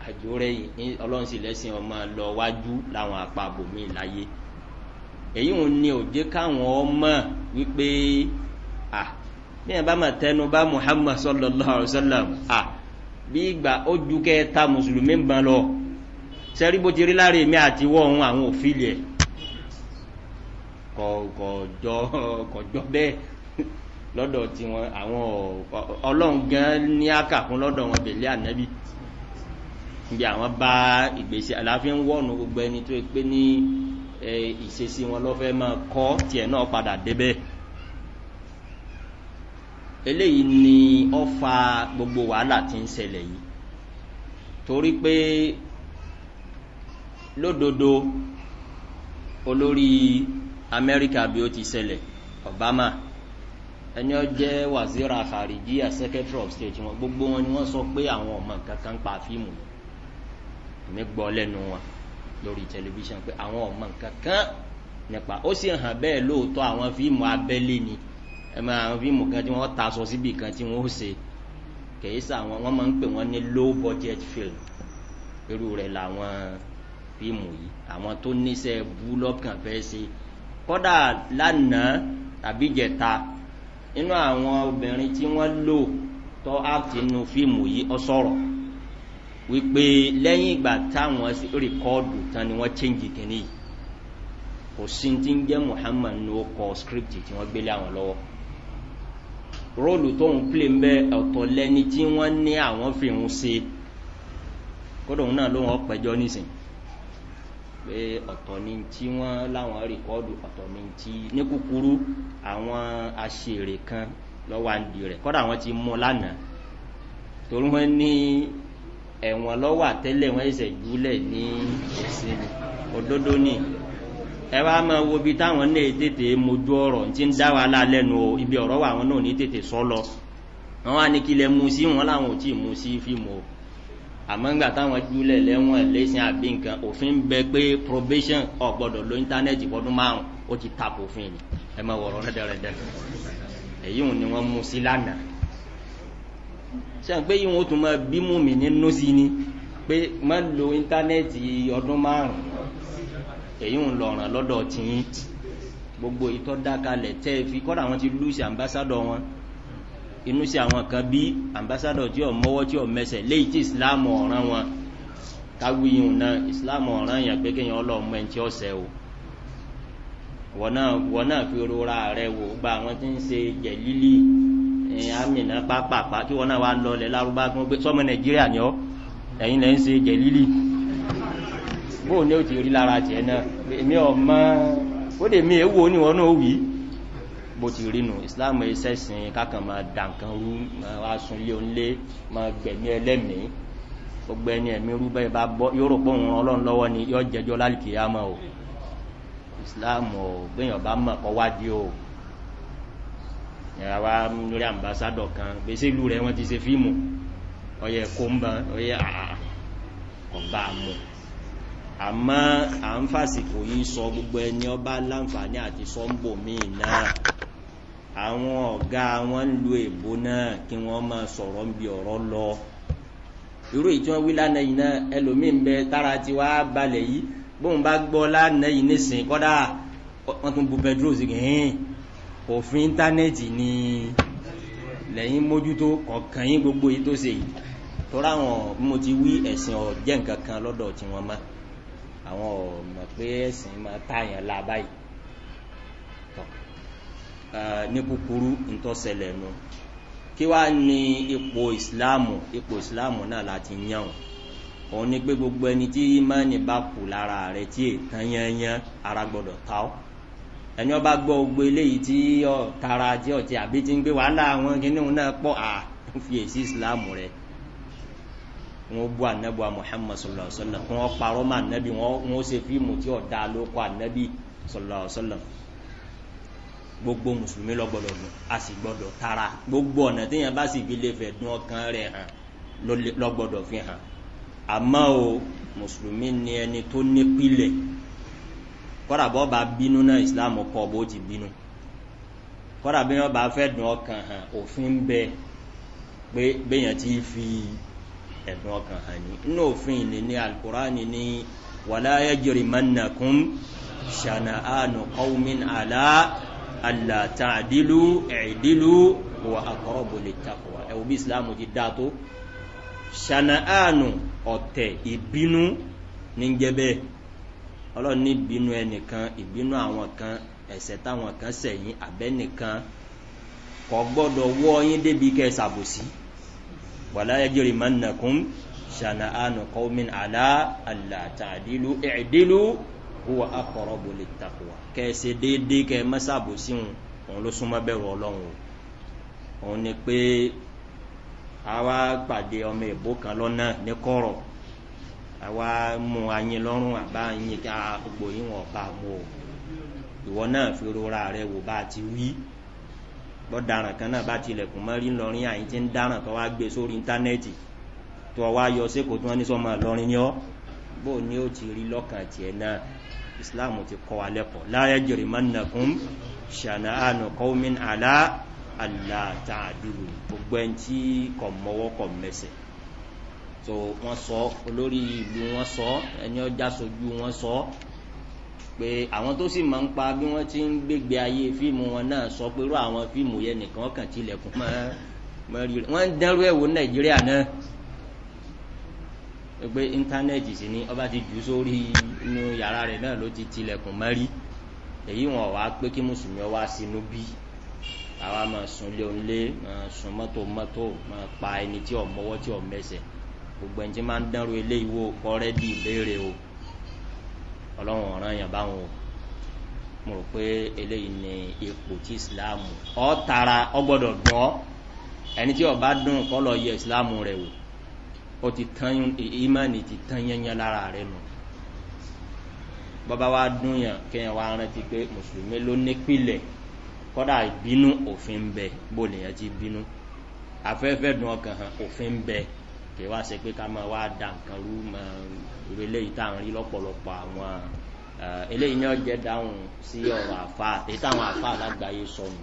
àjò rẹ̀ yìí ọlọ́run sì lẹ́sìn ọmọ lọ wájú láwọn àpapọ̀ mi láyé èyí wọn ni òjé káwọn ọmọ wípé à bí ẹ bá mà tẹnu bá muhammad sallallahu alayhi wa sallam à bí ìgbà ó ju kẹta mùsùlùmí ban lọ sẹ́rí bó ti rí láre mi àti wọ́ ọ̀hún àwọn òfin yẹ kọ̀jọ́ kọ̀jọ́ bẹ́ẹ̀ lọ́dọ̀ tiwọn àwọn ọlọ́run gan ní àkàkún lọ́dọ̀ wọn bèlé ànábì níbi àwọn bá ìgbésí àlàáfíà ń wọ̀nù gbogbo ẹni tó pé ní ìṣesí wọn lọ́fẹ́ máa kọ́ tiẹ̀ náà padà débẹ̀ eléyìí ni ọ fa gbogbo wàhálà tí ń ṣẹlẹ̀ yìí torí pé lódodo olórí amẹ́ríkà bí ó ti ṣẹlẹ̀ obama ẹni ọ jẹ́ wazira kharijiya secretary of state wọn gbogbo wọn ni wọ́n sọ pé àwọn ọmọ kankan pa fíìmù mi gbọ́ lẹ́nu wọn lórí tẹlifíṣàn pé àwọn ọmọ nǹkan kan nípa ó sì hàn bẹ́ẹ̀ lóòótọ́ àwọn fíìmù abẹ́lé ni ẹ máa àwọn fíìmù kan tí wọ́n ta aṣọ síbi kan tí wọ́n ó ṣe kèé sà wọn wọ́n máa ń pè wọ́n ní low budget film irú rẹ̀ làwọn fíìmù yìí àwọn tó níṣẹ́ bú lọ́kàn fẹ́ ṣe kọ́dà lánàá tàbí jẹta nínú àwọn obìnrin tí wọ́n lò tọ́ áàtì nínú fíìmù yìí ọ sọ̀rọ̀ wípé lẹ́yìn ìgbà táwọn rìkọ́ọ̀dù tán ni wọ́n chẹ́ǹgì kìíní yìí kò sí ti ń jẹ́ muhammad ní ó kọ script tí wọ́n gbélé àwọn lọ́wọ́ róòlù tóun plé ń bẹ ọ̀tọ̀ lẹ́ni tí wọ́n ní àwọn fi ń ṣe kódà òun náà ló wọn pẹjọ́ nísìn pé ọ̀tọ̀ ni tí wọ́n láwọn rìkọ́ọ̀dù ọ̀tọ̀ ni tí ní kúkúrú àwọn aṣèrè kan lọ́wọ́ àǹdí rẹ̀ kódà àwọn ti mú lánàá torí wọ́n ní. Ni ẹ̀wọ̀n lọ́wọ́ àtẹ́lẹ̀ wọn ẹ̀sẹ̀ júlẹ̀ ní ìsinmi òdodo ni ẹ wá máa wo ibi táwọn náà tètè mojú ọ̀rọ̀ ti ń dá wàhálà lẹ́nu o ibi ọ̀rọ̀ wà wọn náà ní tètè sọ lọ wọn wá ní kí lẹ mu sí wọn làwọn ò tí ì mu sí fíìmù o àmọ́ ńgbà táwọn júlẹ̀ lẹ́wọ̀n lẹ́sìn àbí nǹkan òfin ń bẹ pé probation ọ̀gbọ́dọ̀ lo íńtánẹ́ẹ̀tì fọdún márùn ó ti takò òfin ni ẹ máa wọ̀rọ̀ rẹ̀ dẹ̀rẹ̀ dẹ̀rẹ̀ èyí ò ní wọ́n mu sí lánàá sẹ́yìn pé yìí wọ́n tún máa bímú mi ní nọ́ọ̀sì ni pé má lo íńtánẹ́ẹ̀tì ọdún márùn-ún èyí ń lọ ràn lọ́dọ̀ tìyín gbogbo ìtọ́ dákalẹ̀ tẹ́ ẹ fi kọ́ra àwọn ti lùsì àmbásádọ̀ wọn inú sí àwọn kan bí àmbásádọ̀ tí ò mọ́wọ́ tí ò mẹsẹ̀ léyìí tí ìsìláàmù ọ̀ràn wọn káwí yìí ń ná ìsìláàmù ọ̀ràn yẹn pé kéèyàn ọlọ́mọ ẹni tí ó sẹ́ o wọ́n náà fi rora rẹ wò gba àwọn tí ń se jẹ̀lílì Eh, amina pápápá kí wọn náà wá lọ lárúbá kí gbé sọmọ nàìjíríà ni ọ ẹyin lẹ ń ṣe jẹlílì bó ní o ti rí lára tiẹ náà èmi ọmọ ó lè mi èwo ni náà wí bó ti rí nu islam ẹsẹ kákan máa dànkan rú máa wá sun ilé onílé máa gbẹmí ẹlẹmìí gbogbo ẹni ẹ̀mí rúbẹ́ bá bọ́ yóò rò pé ọlọ́run lọ́wọ́ ni yóò jẹjọ́ lálìkìyàmọ́ o islam o gbẹ̀yìn ọba mọ̀ kọ́ wádìí o ẹ̀rọ wa lórí àmbásádọ̀ kan gbèsè ìlú rẹ̀ wọ́n ti ṣe fíìmù ọyẹ kóńbà ọyẹ ọba àmọ àmọ́ à ń fàsìkò yìí sọ gbogbo ẹni ọba láǹfààní àti sọ́ńbò míì náà àwọn ọ̀gá wọn ń lu èbó náà kí wọ́n máa sọ̀rọ̀ ń bi ọ̀rọ̀ lọ irú ìjọ wí lánàá yìí náà ẹlòmíín bẹ tára tí wàá balẹ̀ yìí bóun bá gbọ́ lánàá yìí nísìnyí kọ́dà wọ́n tún bu pẹtrol sí kìhìn òfin íńtánẹ́ẹ̀tì ni lẹ́yìn mójútó ọ̀kan yín gbogbo yìí tó ṣe yìí tọ́ra àwọn mo ti wí ẹ̀sìn ọ̀jẹ́ nǹkan kan lọ́dọ̀ tí wọ́n mọ́ àwọn ọ̀mọ̀ pé ẹ̀sìn máa tààyàn la báyìí ní kúkúrú ntọ́sẹ̀lẹ̀ nu kí wàá ní ipò ìsìláàmù ipò ìsìláàmù náà láti yàn òun ni pé gbogbo ẹni tí ìmánì bá kù lára rẹ̀ tí èèkàn yẹn yẹn ara gbọ́dọ̀ ta ọ́ ẹni ọba gbọ́ gbogbo eléyìí tí ọ tara tí ọtí àbí ti ń gbé wàhálà àwọn kìnìún náà pọ̀ à ń fi èsì ìsìláàmù rẹ̀ wọn bu anabi wa muhammad sallallahu sallam wọn parọ́ mọ́ anabi wọn ṣe fíìmù tí ọ̀dà ló kọ́ anabi sallallahu alaihi sallam gbogbo mùsùlùmí lọ gbọdọ̀ dùn a sì gbọdọ̀ tara gbogbo ọ̀nà téèyàn bá sì fi lè fẹ̀ dún ọkàn rẹ̀ hàn lọ fi hàn àmọ́ o mùsùlùmí ni ẹni tó ní pilẹ̀ kọ́dà bọ́ bá bínú náà islam kọ́ bó ti bínú kọ́dà bí wọ́n bá fẹ́ dùn ọkàn hàn òfin ń bẹ pé béèyàn ti fi ẹ̀dùn ọkàn hàn ní inú òfin ìní ní alukurani ní wàláyé jìrì mánàkún ṣànà àánú kọ́wmin àlá àlá tàdílù ẹ̀dílù wà àkọ́rọ̀bù lè takùwà ẹ̀wù bí islam ti dá tó ṣànà àánú ọ̀tẹ̀ ìbínú ní jẹ́ bẹ́ẹ̀ ọlọ́run ní ìbínú ẹnìkan ìbínú àwọn kan ẹ̀sẹ̀ táwọn kan sẹ̀yìn àbẹ́nìkan kò gbọ́dọ̀ wọ́ yín débi kẹ́ ẹ ṣàbòsí wàlá ẹjọ́ rẹ̀ máa ń nàkún ṣànà àánú kọ́min àlá àlá tàdílù ẹ̀ẹ́dílù huwa akọ̀rọ̀bù lè takùwà kẹ́ ẹ ṣe déédéé kẹ́ ẹ má ṣàbòsí wọn òun ló súnmọ́ bẹ̀rù ọlọ́run òun ni pé àwa pàdé ọmọ ìbò kan lọ́nà ní kọ́rọ̀ àwa mú anyin lọ́rùn àbá anyin ká gbogbo yín wọ̀n bá mú o ìwọ náà fi rora rẹ wò bá ti wí bọ́daràn kan náà bá tilẹ̀kùn mọ́rí ńlọrin àyín ti ń dáràn tó wá gbé sórí íńtánẹ́ẹ̀tì tó wá yọ sékòó tí wọ́n ní sọ́mọ́ ìlọrin ni ọ́ bó ni ó ti rí lọ́kàn tiẹ̀ náà islam ti kọ́ wa lẹ́kọ̀ọ́ láyé jèrè mọ́nàkún ṣànà àánú kọ́mín àlá àlá tààdùrù gbogbo ẹni tí kò mọ́wọ́ kò mẹ́sẹ̀ so wọ́n sọ olórí ìlú wọ́n sọ ẹni ọjà sojú wọ́n sọ pé àwọn tó sì máa ń pa bí wọ́n ti ń gbégbé ayé fíìmù wọn náà sọ pé irú àwọn fíìmù yẹn nìkan kàn tilẹ̀kùn mọ́ wọ́n ń dẹ́rú ẹ̀ wò nàìjíríà náà pé íńtánẹ́ẹ̀tì sì ni ọba ti jù sórí inú yàrá rẹ̀ náà ló ti tilẹ̀kùn mọ́rí èyí wọn wá pé kí mùsùlùmí wá sínú bí àwa máa sùn lé òun lé máa sùn mọ́tò mọ́tò máa pa ẹni tí ò mọ́wọ́ tí ò mẹ́sẹ̀ẹ́ gbogbo ẹni tí máa ń dánrò eléyìí wo ọ̀rẹ́ di ìbéèrè o ọlọ́run ọ̀ràn yàn báwọn o mo rò pé eléyìí ni ipò tí ìsìláàmù ọ tara ọ gbọ́dọ̀ dùn ọ ẹni tí ọba dùn kọ́ lọ yẹ ìsìláàmù rẹ wò ó ti tán ìmánì ti tán yẹnyẹn lára rẹ nù bọ́bá wa dùn yàn kéèyàn wá rántí pé mùsùlùmí ló nípìlẹ̀ kọ́dà ìbínú òfin bẹ bó lèèyàn ti bínú afẹ́fẹ́ dùn ọkàn hàn òfin bẹ kì wá ṣe pé ká máa wá da nǹkan rú mọ́ irú eléyìí tá à ń rí lọ́pọ̀lọpọ̀ àwọn eléyìí náà jẹ́ dáhùn sí ọ̀rọ̀ àfa èyí táwọn àfa alágbàáyé sọnù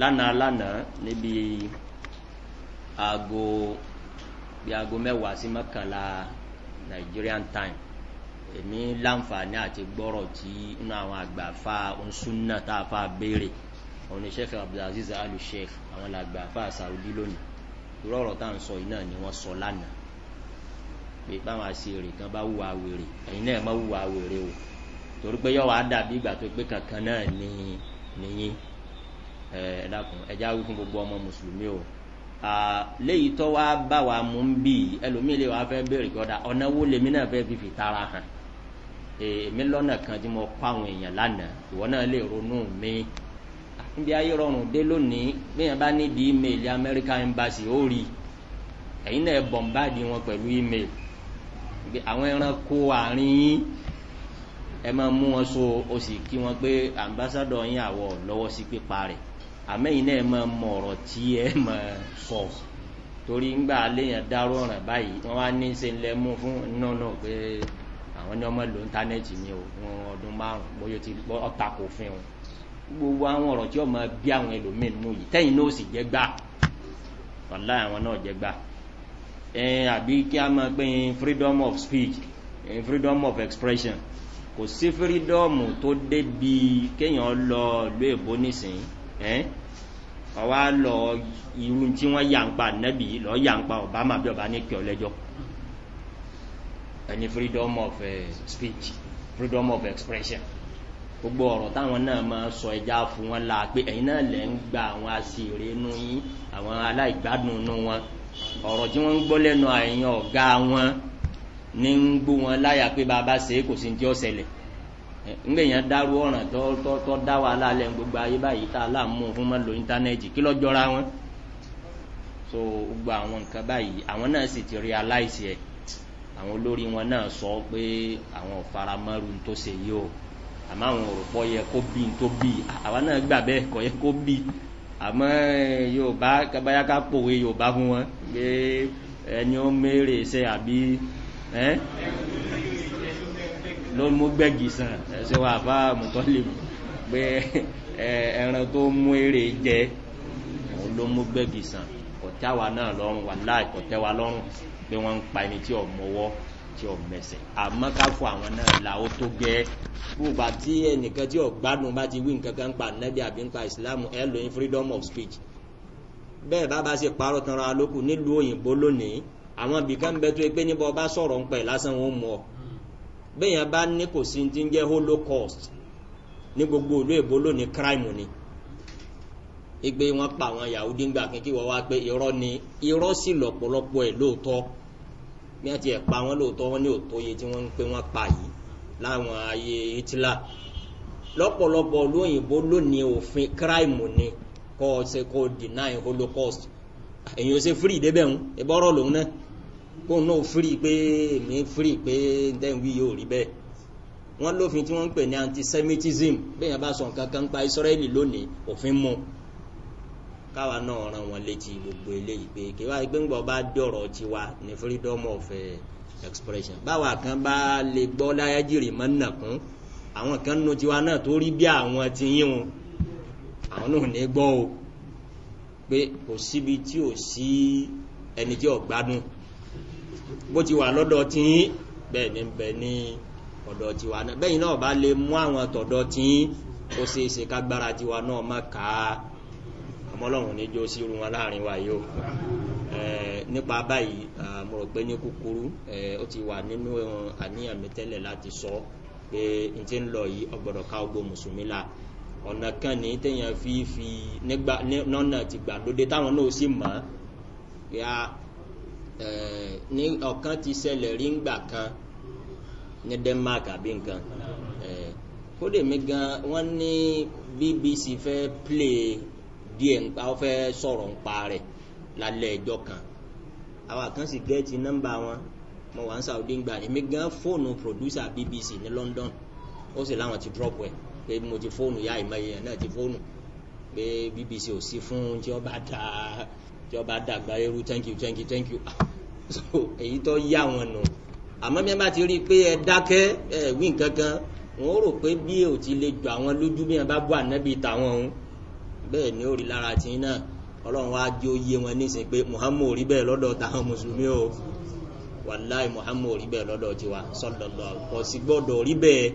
lánàá lánàá níbi aago bíi aago mẹ́wàá sí mọ́kànlá nigerian time èmi láǹfààní àti gbọ́rọ̀ tí inú àwọn àgbààfà oṣùnà tá a fa béèrè oníṣẹ́fẹ̀ abdulaziz alu sheikh àwọn làgbààfà saudi lónìí rọrọ tá à ń sọ yìí ni wọn sọ lánàá pé báwọn àṣìírí kan bá wùwà wèrè ẹyin náà má wùwà wèrè o torí pé yọ wà dàbí ìgbà tó pé kankan náà ní níyìn ẹ dákun ẹjẹ awi fún gbogbo ọmọ mùsùlùmí o léyìí tó wá bá wa mú ń bì í ẹlòmíì lè wá fẹ́ gbọ́dá ọ̀nà wo lèmi tara hàn èmi lọ́nà kan tí mo àwọn èèyàn lánàá ìwọ náà lè mi. níbi ayé rọrùn dé lónìí bẹ́ẹ̀ bá nídìí email american embassy ó rí ẹ̀yin náà bọ̀m̀báàdì wọn pẹ̀lú email àwọn ẹranko àárín yín ẹ máa mú wọn so o sì kí wọn pé ambassadọ yín àwọ̀ lọ́wọ́ sí pípa rẹ̀ àmẹ́yìn náà máa mọ ọ̀rọ̀ tí ẹ máa sọ torí ńgbà léèyàn dárò ọ̀ràn báyìí wọ́n wá ní ṣe ń lẹ mú fún nínú pé àwọn ní ọmọ ìlú íńtánẹ́ẹ̀tì ni o fún ọdún márùn-ún bóyá ó ti ọ̀tà kò fún un gbogbo àwọn ọ̀rọ̀ tí ọmọ bí àwọn ẹlòmíín nù yìí tẹ́yìn náà sì jẹ́ gbà wàlá àwọn náà jẹ́ gbà ẹ àbí kí a máa gbé freedom of speech freedom of expression kò sí freedom tó débi kéèyàn lọ ìlú èbó nísìnyí ẹ ọwọ́ á lọ irú tí wọ́n yà ń pa nẹ́bí lọ́ọ́ yà ń pa obama bí ọba ní kí ọ lẹ́jọ́ ẹni freedom of uh, speech freedom of expression gbogbo ọ̀rọ̀ táwọn náà máa sọ ẹja fún wọn la pé ẹ̀yin náà lẹ̀ ń gba àwọn àṣìírí inú yín àwọn aláìgbádùn inú wọn ọ̀rọ̀ tí wọ́n ń gbọ́ wọn ní ń pé bàbá ṣe é kò sí ti ọ̀sẹ̀lẹ̀ ńgbẹ̀yìn dárú ọ̀ràn tó dá wàhálà lẹ̀ ayé báyìí tá a fún mọ́ lo íńtánẹ́ẹ̀tì wọn so gbogbo àwọn nǹkan báyìí àwọn náà sì ti realize àwọn olórí wọn náà àmọ́ àwọn òrùpọ̀ yẹ kó bí tó bí àwa náà gbà bẹ́ẹ̀ kọ́ yẹ kó bí àmọ́ eh, yorùbá kábáyá ká pòwe yorùbá fún wọn pé ẹni ó mèrè ṣe àbí ló mú gbẹ̀gì sàn ẹ̀ṣẹ̀ wà bá mùtọ́lẹ̀mù pé ẹran tó mú èrè jẹ òun ló mú gbẹ̀gì sàn kọ̀tẹ́wà náà lọ́rùn wà láì kọ̀tẹ́wà lọ́rùn pé wọ́n ń pa ẹni tí ò mọ́wọ́ tí ò mẹsẹ̀ àmọ́ ká fún àwọn náà là ó tó gẹ́ bùbá tí ẹnìkan tí ò gbádùn bá ti wí nǹkan kan pa nẹ́bí àbí ń pa ìsìlámù ẹ lóyún freedom of speech bẹ́ẹ̀ bá bá ṣe parọ́ tanra lókù nílùú òyìnbó lónìí àwọn ibìkan bẹ tó yẹ pé níbo bá sọ̀rọ̀ ń pẹ̀ lásán wọn mọ̀ bẹ́ẹ̀yàn bá ní kò sí ti ń jẹ́ holocaust ní gbogbo ìlú èbó lónìí crime ni ìgbé wọn pa àwọn yahoo díngbà kí wọ́n wá pé irọ́ ni irọ́ sì lọ̀pọ̀lọpọ̀ ẹ̀ lóòótọ́ bí wọ́n ti ẹ̀ pa wọ́n lóòótọ́ wọ́n ní òótọ́ iye tí wọ́n ń pé wọ́n pa yìí láwọn ayé hitler lọ́pọ̀lọpọ̀ lóyìnbó lónìí òfin crime ni kọ́ ọ ṣe kó deny holocaust èyàn ṣe free débẹ̀ ń ẹbọ lòun náà kóun náà free pé èmi free pé ntẹ́wí yóò rí bẹ́ẹ̀ wọ́n lófin tí wọ́n ń pè ní antisemitism bẹ́ẹ̀ yẹn bá sọ nǹkan kan pa israeli lónìí òfin mu káwa náà ran wọn létí gbogbo eléyìí pé kí wá gbẹ́ngbọ́ bá dọ̀rọ̀ tiwa ní freedom of uh, expression báwa kan bá lè gbọ́ láyájìrì mọ́ nàkún àwọn kan nu tiwa náà tó rí bí àwọn ti yín o àwọn náà ní gbọ́ o pé kò síbi tí ò sí ẹni tí ò gbádùn bó ti wà lọ́dọ̀ tí yín bẹ́ẹ̀ ni bẹ́ẹ̀ ni ọ̀dọ̀ tiwa náà bẹ́yìn náà bá lè mú àwọn tọ̀dọ̀ tí yín ó ṣeé ṣe kágbára tiwa náà má kàá ọlọ́run ní jó sírun wọn láàrin wa yìí o nípa báyìí mo rò pé ní kúkúrú ó ti wà nínú àníyàn mi tẹ́lẹ̀ láti sọ pé n ti ń lọ yìí ọgbọ̀dọ̀ ká ogbó mùsùlùmí la ọ̀nà kan ní téèyàn fi fi nígbà nọ́nà ti gbà lóde táwọn náà sì mọ̀ ya ní ọ̀kan ti ṣẹlẹ̀ rí ngbà kan ní denmark àbí nǹkan kódèmí gan wọ́n ní bbc fẹ́ play díẹ̀ nípa ó fẹ́ sọ̀rọ̀ nípa rẹ̀ lálẹ́ ẹjọ́ kan àwọn kan gẹ́ẹ̀tì nọ́mbà wọn mo wà ní Saudi gbà èmi gan fóònù producer BBC ní London ó sì láwọn ti drop ẹ pé mo ti fóònù ya ìmọye yẹn náà ti fóònù pé BBC ò sí fún tí ó bá da tí ó bá da àgbáyé ru thank you thank you thank you so èyí tó yá wọn nù àmọ́ bí bá ti rí i pé ẹ dákẹ́ ẹ wí nǹkan kan wọ́n rò pé bí o ti lè jọ àwọn lójú bí wọ́n bá bọ́ ànábì tàwọn òun bẹ́ẹ̀ ni ó rí lára tí náà ọlọ́run wá jí ó yé wọn nísìn pé muhammed rí bẹ́ẹ̀ lọ́dọ̀ o wàláì muhammadu rí bẹ́ẹ̀ lọ́dọ̀ tiwa sọlọlọ kò sí gbọ́dọ̀ rí bẹ́ẹ̀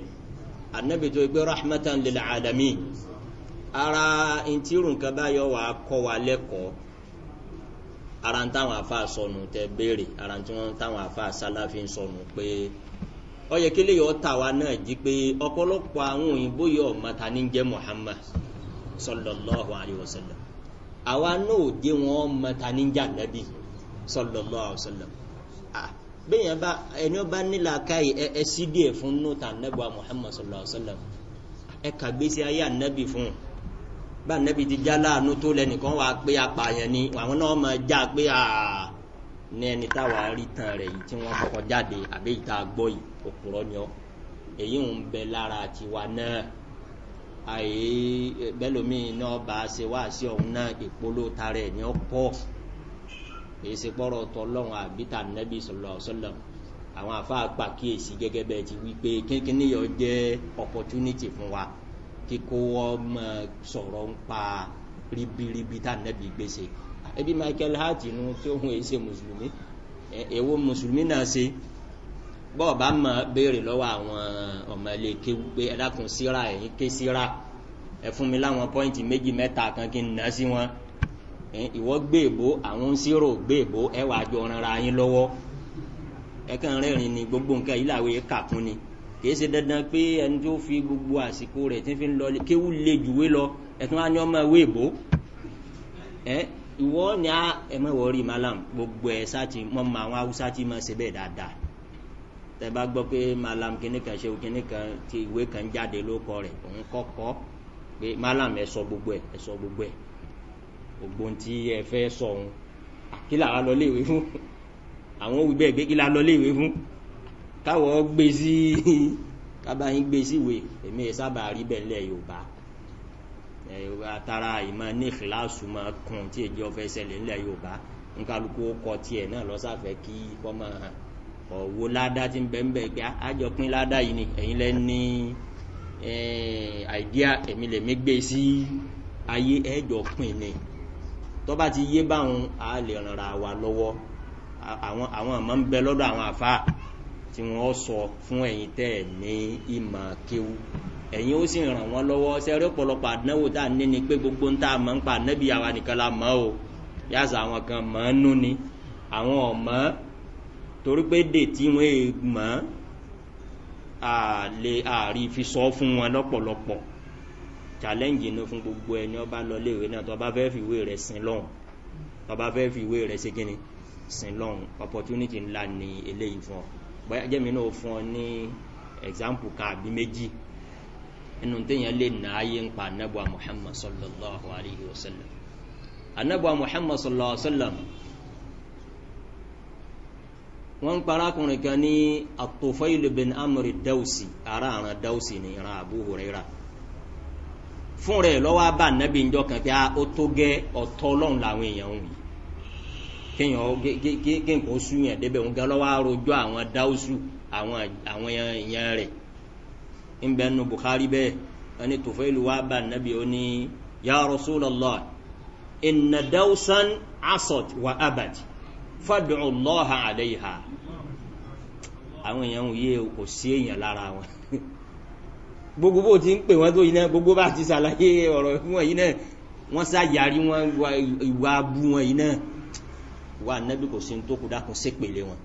anabi tó gbé rahmatan lil ara ntírun kan báyọ̀ wà á kọ́ wa lẹ́kọ̀ọ́ ara ń táwọn afa sọnù tẹ ara ń táwọn afa sálàfin sọnù pé kí lè yọ ọ náà jí pé àwọn òyìnbó yọ sọlọlọ́hu àríwọ̀sọlọ àwa náà dé wọn mọta níjà nàbí sọlọlọ́hu sọlọ bẹ́ẹ̀ bá ẹni bá nílà káyì ẹ ẹ sí díẹ̀ fún nùtà nàbà muhammad sọlọlọ́hu sọlọ ẹ kàgbésí ayé ànábì fún un bá nàbì ti já láàánú tó lẹnìkan wàá pé apààyàn ni àwọn náà máa já pé àà ní ẹni táwa rí tán rẹ̀ yìí tí wọ́n kọ́kọ́ jáde àbí ìta gbọ́ yìí òpùrọ́ ni ọ́ èyí ń bẹ lára tiwa náà àyè eh, bẹ́lómi náà bá a ṣe wá sí ọ̀hún náà ìpolówó tarẹ̀ ní ọ̀pọ̀ èyí ṣe pọ́rọ̀ tọ́ lọ́hùn àbíta nẹ́bí sọ̀lọ̀ sọ̀lọ̀ àwọn àfáà pàkíyèsí gẹ́gẹ́ bẹ́ẹ̀ ti wí pé kínkínní yọ jẹ́ opportunity fún wa kíkó ọmọ sọ̀rọ̀ ń pa ribiribi tá nẹ́bí gbèsè ẹbí michael hart nu tí òun èyí ṣe mùsùlùmí èwo mùsùlùmí náà ṣe bọ́ọ̀ bá mọ̀ béèrè lọ́wọ́ àwọn ọmọ ilé kéwú pé ẹ dákun síra ẹ̀yìn ké síra ẹ fún mi láwọn pọ́ìntì méjì mẹ́ta kan kí n nà sí wọn ìwọ gbé èbó àwọn sírò gbé èbó ẹ wàá jọ ranra yín lọ́wọ́ ẹ kàn rẹ́rìn ni gbogbo nǹkan yìí làwọn èèyàn kà fún ni kì í ṣe dandan pé ẹni tó fi gbogbo àsìkò rẹ̀ tí fi lọ kéwú lè jùwé lọ ẹ tún á ní ọmọ ìwé èbó ẹ ìwọ ni ẹ mọ̀ wọ́ọ́rì malam gbogbo ẹ̀ sá ti mọ̀ mọ̀ àwọn haúsá ti mọ̀ ṣe bẹ́ẹ̀ dáadáa tẹ bá gbọ́ pé malam kínní kan ṣe kínní kan ti ìwé kan jáde lóko rẹ̀ òun kọ́kọ́ pé malam ẹ sọ gbogbo ẹ ẹ sọ gbogbo ẹ gbogbo tí ẹ fẹ́ sọ òun àkílà wa lọ léèwé fún àwọn òwú bẹ́ẹ̀ gbégi la lọ léèwé fún káwọ́ gbé sí kábàáyín gbé sí ìwé èmi ẹ̀ sábà rí bẹ́ẹ̀ lẹ́ yorùbá atara ìmọ̀ ní ìkìláàsù máa kùn tí èjì ọ̀fẹ́ ṣẹlẹ̀ ńlẹ̀ yorùbá nkálukú kọ tiẹ̀ náà lọ́sàfẹ́ kí kọ́ máa hàn ọ̀wọ́ ládá ti ń bẹ̀ ń bẹ̀ pé àjọ pín ládá yìí ni ẹ̀yin lẹ́ ní àìdíà ẹ̀mí lèmi gbé sí ayé ẹ̀jọ̀ pín ni tọ́ba ti yé báwọn a lè ràn ra wa lọ́wọ́ àwọn àwọn àmọ́ ń bẹ lọ́dọ̀ àwọn àfa tí wọ́n sọ fún ẹ̀yin tẹ́ ẹ̀ ní ìmọ̀ kéwú ẹ̀yin ó sì ràn wọ́n lọ́wọ́ sẹ́rí ọ̀pọ̀lọpọ̀ àdánwò tá a ní ni pé gbogbo ń mọ̀ ń pa ànábìyàwó nìkan la mọ̀ o yàtọ̀ àwọn kan mọ̀ ń nú ni àwọn ọ̀mọ́ torí pé dè tí wọ́n è mọ́ àlè àrí fi sọ fún wọn lọ́pọ̀lọpọ̀ challenge ni fún gbogbo ẹni ọba lọlé ìwé náà tó bá fẹ́ fi ìwé rẹ̀ sin lọ́hùn tó bá fẹ́ fi ìwé rẹ̀ ṣe kíni sin lọ́hùn opportunity ńlá ni eléyìí fún ọ bóyá jẹ́mi náà fún ọ ní example kan àbí méjì inú téèyàn lè nà áyé ń pa anábọ̀ muhammad sallallahu alayhi wa sallam anábọ̀ muhammad sallallahu alayhi sallam wọ́n ń parákùnrin kan ní àtòfẹ́ìlú bin amri dausi ara àrùn dausi ní ìran àbú hùrẹ́ra fún rẹ̀ lọ́wọ́ bá nẹ́bí ń jọkàn pé ó tó gẹ́ ọ̀tọ́ ọlọ́run làwọn èèyàn ń kéèyàn kéèyàn kó súyàn débẹ̀ òun gan lọ́wọ́ àwọn dausu àwọn èèyàn rẹ̀ ń nu buhari bẹ́ẹ̀ ẹni tòfẹ́ìlú wa bá nẹ́bí ó ní ya rasulallah inna dausan asot wa abad fad'u Allaha 'alayha àwọn èèyàn ń yé kò sí èèyàn lára wọn gbogbo bó ti ń pè wọ́n tó yìí náà gbogbo bá ti ṣàlàyé ọ̀rọ̀ fún wọn yìí náà wọ́n ṣàyàrí wọn ìwà abú wọn yìí náà wà nábì kò sí ní tó dákun ṣépèlé wọn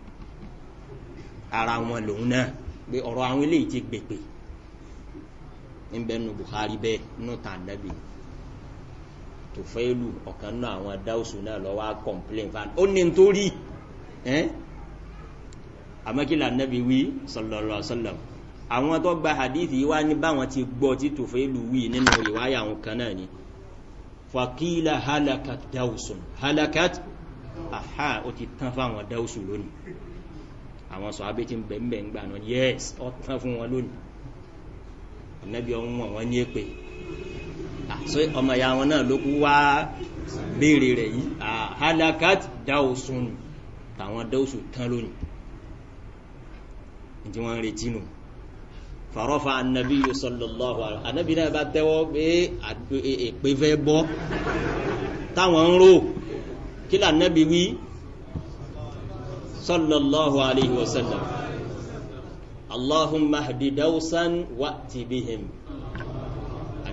ara wọn lòun náà pé ọ̀rọ̀ àwọn eléyìí ti gbèpè ń bẹ́ẹ̀ nu Buhari bẹ́ẹ̀ nù tàn nábì tòfẹ́lù ọ̀kan náà àwọn dáwùsù náà lọ wá kọ̀m̀plẹ̀n fan ó ní nítorí amákìlá nàbí wí sọlọlọ sọlọ àwọn tó gba hadith yìí wá ní báwọn ti gbọ́ tí tòfẹ́lù wí nínú ìwáyà àwọn kan náà ni fakila halakat dáwùsùn halakat aha ó ti tán fáwọn dáwùsù lónìí àwọn sọ abẹ́ ti ń bẹ̀ ń bẹ̀ ń gbà náà yẹ́s ọ̀ tán fún wọn lónìí ànábi ọ̀hún wọn ní èpè Ah, so ọmọ ìyá wọn náà ló kú wá béèrè rẹ̀ yìí ah, halakat dawson tàwọn dawson tán lónìí ní tí wọ́n ń retí nù farofa anabi yìí sallallahu alaihi anabi náà bá tẹ́wọ́ pé e, èpè fẹ́ bọ́ táwọn ń rò kí là anabi wí sallallahu alaihi wasallam allahumma hadi dawson wa tibihim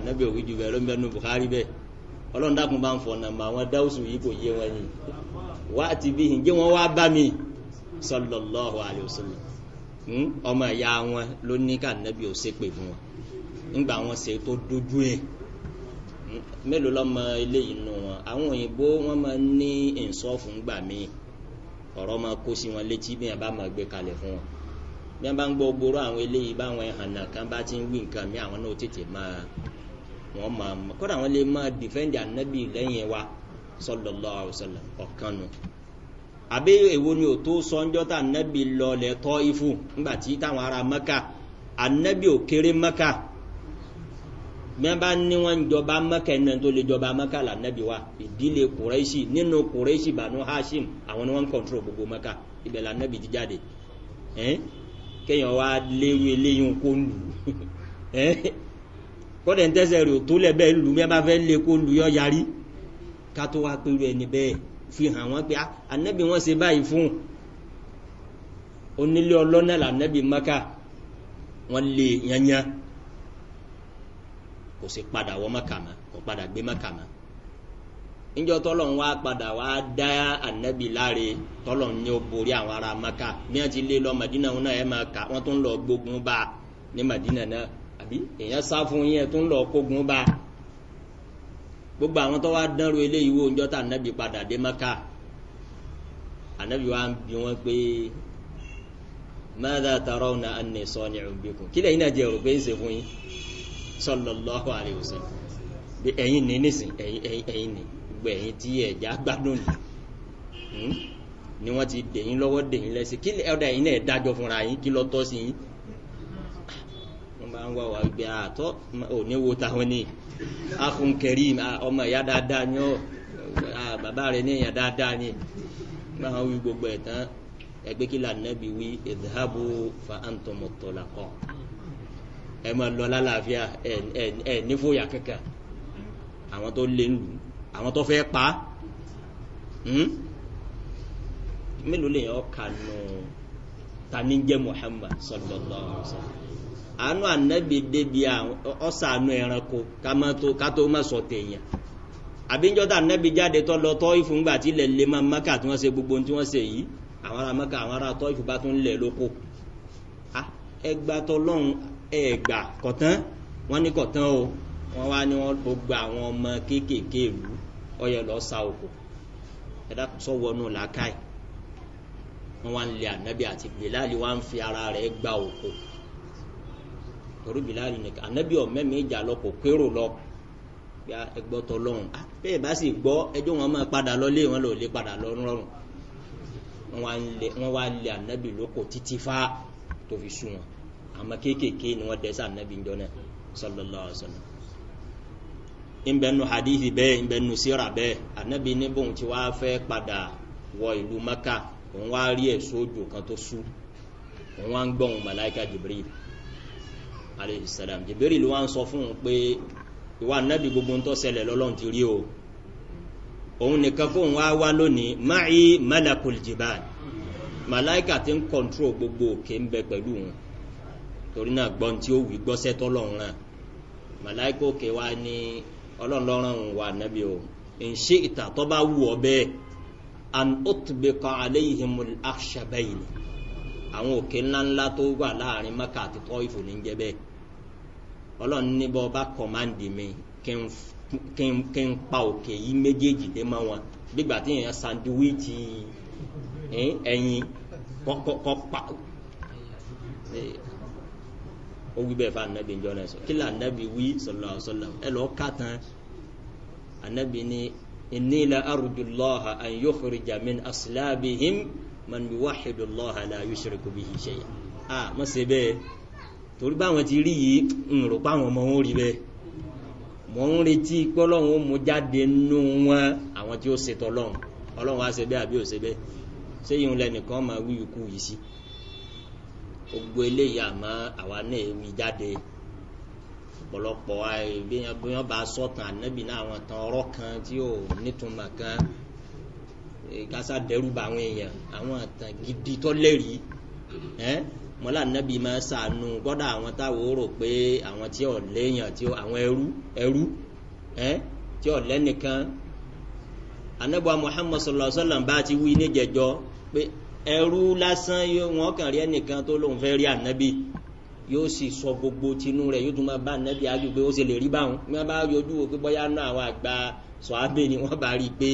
anabi òwe ju bẹ́ẹ̀ lọ́nbẹ́nu Bukhari bẹ́ẹ̀ ọlọ́run dákun bá ń fọ nàmà àwọn dáwùsù yìí kò yé wọn ni wá ti bí ǹjẹ́ wọn wá bá mi sallallahu alayhi wa sallam hmm? ọmọ ìyá wọn ló ní ká anabi ò ṣépè fún wọn ńgbà wọn ṣe tó dojú ẹ hmm? mélòó lọmọ eléyìí nù wọn àwọn òyìnbó wọn máa ń ní ìǹsọ́ọ̀fù ńgbà míì ọ̀rọ̀ máa kó sí wọn létí bí wọn bá máa gbé kalẹ̀ fún wọn bí wọn bá ń gbọ́ gbòòrò àwọn eléyìí báwọn ẹ̀hànà kan bá ti ń wí nǹkan mi àwọn náà tètè máa wọn máa mọ kódà wọn lè máa dìfẹ́ǹdì ànábì lẹ́yìn wa sọlọlọ àwòsàlẹ ọ̀kan nù àbí èwo ni ò tó sọ tá ànábì lọlẹ̀ tọ́ ifu nígbà tí táwọn ará mẹ́ka ànábì ò kéré mẹ́ka mẹ́ba ní wọ́n jọba mẹ́ka ẹ̀nà tó lè jọba mẹ́ka là wa ìdílé kùrẹ́sì nínú kùrẹ́sì bànú hashim àwọn ni wọ́n ń gbogbo mẹ́ka ibẹ̀ là ànábì ti jáde kọ́dẹ̀ ń tẹ́sẹ̀ rò tó lẹ̀ bẹ́ẹ̀ lù mẹ́bà fẹ́ lè kó lù yọ yarí ká tó wá pẹ̀lú ẹni bẹ́ẹ̀ fi hàn wọ́n pé ah, ànábì wọ́n ṣe báyìí fún onílé ọlọ́nà lànábì maka wọ́n lè e yanyan kò sì padà wọ́n maka mọ́ kò padà gbé maka mọ́ níjọ́ tọ́lọ́n wá padà wá dá ànábì láre tọ́lọ́n ní ó borí àwọn ará maka bí wọ́n lé lọ màdínà wọn náà ẹ̀ máa kà wọ́n tún lọ gbógun bá ní màdínà náà àbí èèyàn sá fún yín ẹ tó ń lọ kógun bá gbogbo àwọn tó wá dánrò eléyìí wo ńjọ́ tá ànábì padà dé mẹ́ka ànábì wa ń bi wọn pé mada tarawna anni sani'un bikum kílẹ̀ yín náà jẹ́ òrùpé ń ṣe fún yín sallallahu alayhi wa sallam bí ẹ̀yin ní nísìn ẹ̀yin ẹ̀yin ní gbogbo ẹ̀yin tí ẹ̀já gbádùn ni hmm? ni wọ́n ti dè lọ́wọ́ dè lẹ́sìn kílẹ̀ ọ̀dà yín náà dájọ́ fúnra yín kí lọ́tọ́ sí yín máa ń wá wá gbé àtọ́ ah, òní wo táwọn ní akun ah, kẹrim ah, ọmọ ìyá dáadáa ni ọ bàbá rẹ ní ìyá dáadáa ni máa wí gbogbo ẹ̀ tán ẹgbẹ́ kí lànàbí wí ìdáàbò fa àǹtọ̀mọ̀tọ̀ làkọ́ ẹ máa lọ lálàáfíà ẹ ẹ ẹ nífòyà kankan àwọn tó lé lù àwọn tó fẹ́ pa hmm? mélòó lè yàn ọ́ kà nù tani jẹ́ muhammad sallallahu alaihi àánú ànábì débi ọ̀sàánú ẹranko ká tó má sọ tèèyàn àbíjọ́tà ànábì jáde tó lọ tọ́ ìfúngbà tí ilẹ̀ lè máa mẹ́kà tí wọ́n ṣe gbogbo ohun tí wọ́n ṣe yìí àwọn ará mẹ́kà àwọn ará tọ́ ìfúnbá tó ń lẹ̀ lóko ẹgbà tọlọ́run ẹgbà kọ̀tán wọ́n ní kọ̀tán o wọ́n wá ní wọ́n gbogbo àwọn ọmọ kéékèèké ìlú ọyọ lọ sa òkò ẹ̀dá sọ̀wọ́nù làákàyè wọ́n wá ń lé ànábì àti bìláàlì wá ń fi ara rẹ̀ gba òkò torí bilali nìkan anabi ọ̀mẹ́mi ìjà lọ kò kérò lọ ya ẹgbọ́ tọ lọ́hùn ah, bẹ́ẹ̀ bá sì gbọ́ ẹjọ́ wọn máa padà lọlé wọn lò lè padà lọ rọrùn wọn wá lé anabi lóko títí fa tó fi sùn wọn àmọ́ kéékèèké ni wọ́n dẹ́sẹ̀ anabi ń jọ náà sallallahu alaihi wasallam nbẹnu hadithi bẹ́ẹ̀ nbẹnu sira bẹ́ẹ̀ anabi ní bóun ti wá fẹ́ padà wọ ìlú maka òun wá rí èso ojú kan tó sú òun wá ń gbọ́ òun màláìka jibril aleyhi salam jìbìrì ló wá ń sọ fún un pé ìwà nábì gbogbo ń tọ́ ṣẹlẹ̀ lọ́lọ́run ti rí o òun nìkan kó ń wá wá lónìí máì malakul jibal malaika ti ń kọ́ntró gbogbo òkè ń bẹ pẹ̀lú wọn torí náà gbọ́n tí ó wí gbọ́sẹ́ tọ́lọ́run náà malaika òkè wa ní ọlọ́run wa nábì o ǹṣe ìta tó bá wù ọ bẹ́ẹ̀ an utbika alayhimul akhshabayn àwọn òkè ńláńlá tó wà láàrin maka àti tọ́ìfù ní jẹ́ bẹ́ẹ̀ ọlọ́run ní bọ́ bá kọ̀máǹdì mi kí n pa òkè yìí méjèèjì dé mọ́ wọn gbígbà tí èèyàn sandiwíìtì ẹyin kọ́kọ́ pa ó wí bẹ́ẹ̀ fún anabi ìjọ náà sọ kí lè anabi wí sọlọ sọlọ ẹ lọ ká tán anabi ní inni la arjulaha an yukhrija min asilabihim man yuwahidu allaha la yushriku bihi shay'a ah mọ̀ sí bẹ́ẹ̀ torí báwọn ti rí yìí ń rò páwọn ọmọ wọn rí bẹ́ẹ̀ mọ̀ ń retí pọ́lọ́hún ó mú jáde nú wọn àwọn tí ó ṣètò ọlọ́run ọlọ́run á ṣe bẹ́ẹ̀ àbí ò ṣe bẹ́ẹ̀ séyìn lẹ́nìkan máa wí ikú yìí sí gbogbo eléyìí àmọ́ àwa náà wí jáde ọ̀pọ̀lọpọ̀ àìgbéyàn bá sọ̀tàn ànábì náà àwọn tán ọ̀rọ̀ kan tí ò nítumọ̀ kan gásà dẹ́rù bá àwọn èèyàn àwọn àtàn gidi tọ́lẹ́rìí ẹ́ wọn là nàbí máa sànù gbọ́dọ̀ àwọn táwọn rò pé àwọn tí ò léèyàn tí àwọn ẹrú ẹrú ẹ tí ò lẹ́nìkan anabuwa muhammad sallallahu alaihi wa sallam bá ti wí ní jẹjọ pé ẹrú lásán wọn kàn rí ẹnìkan tó lóun fẹ́ rí ànábì yóò sì sọ gbogbo tinú rẹ yóò tún máa bá ànábì ájú pé ó sì lè rí báwọn bí wọn bá yọjú wò pé bóyá náà àwọn àgbà sọ abẹ ni wọn bá rí i pé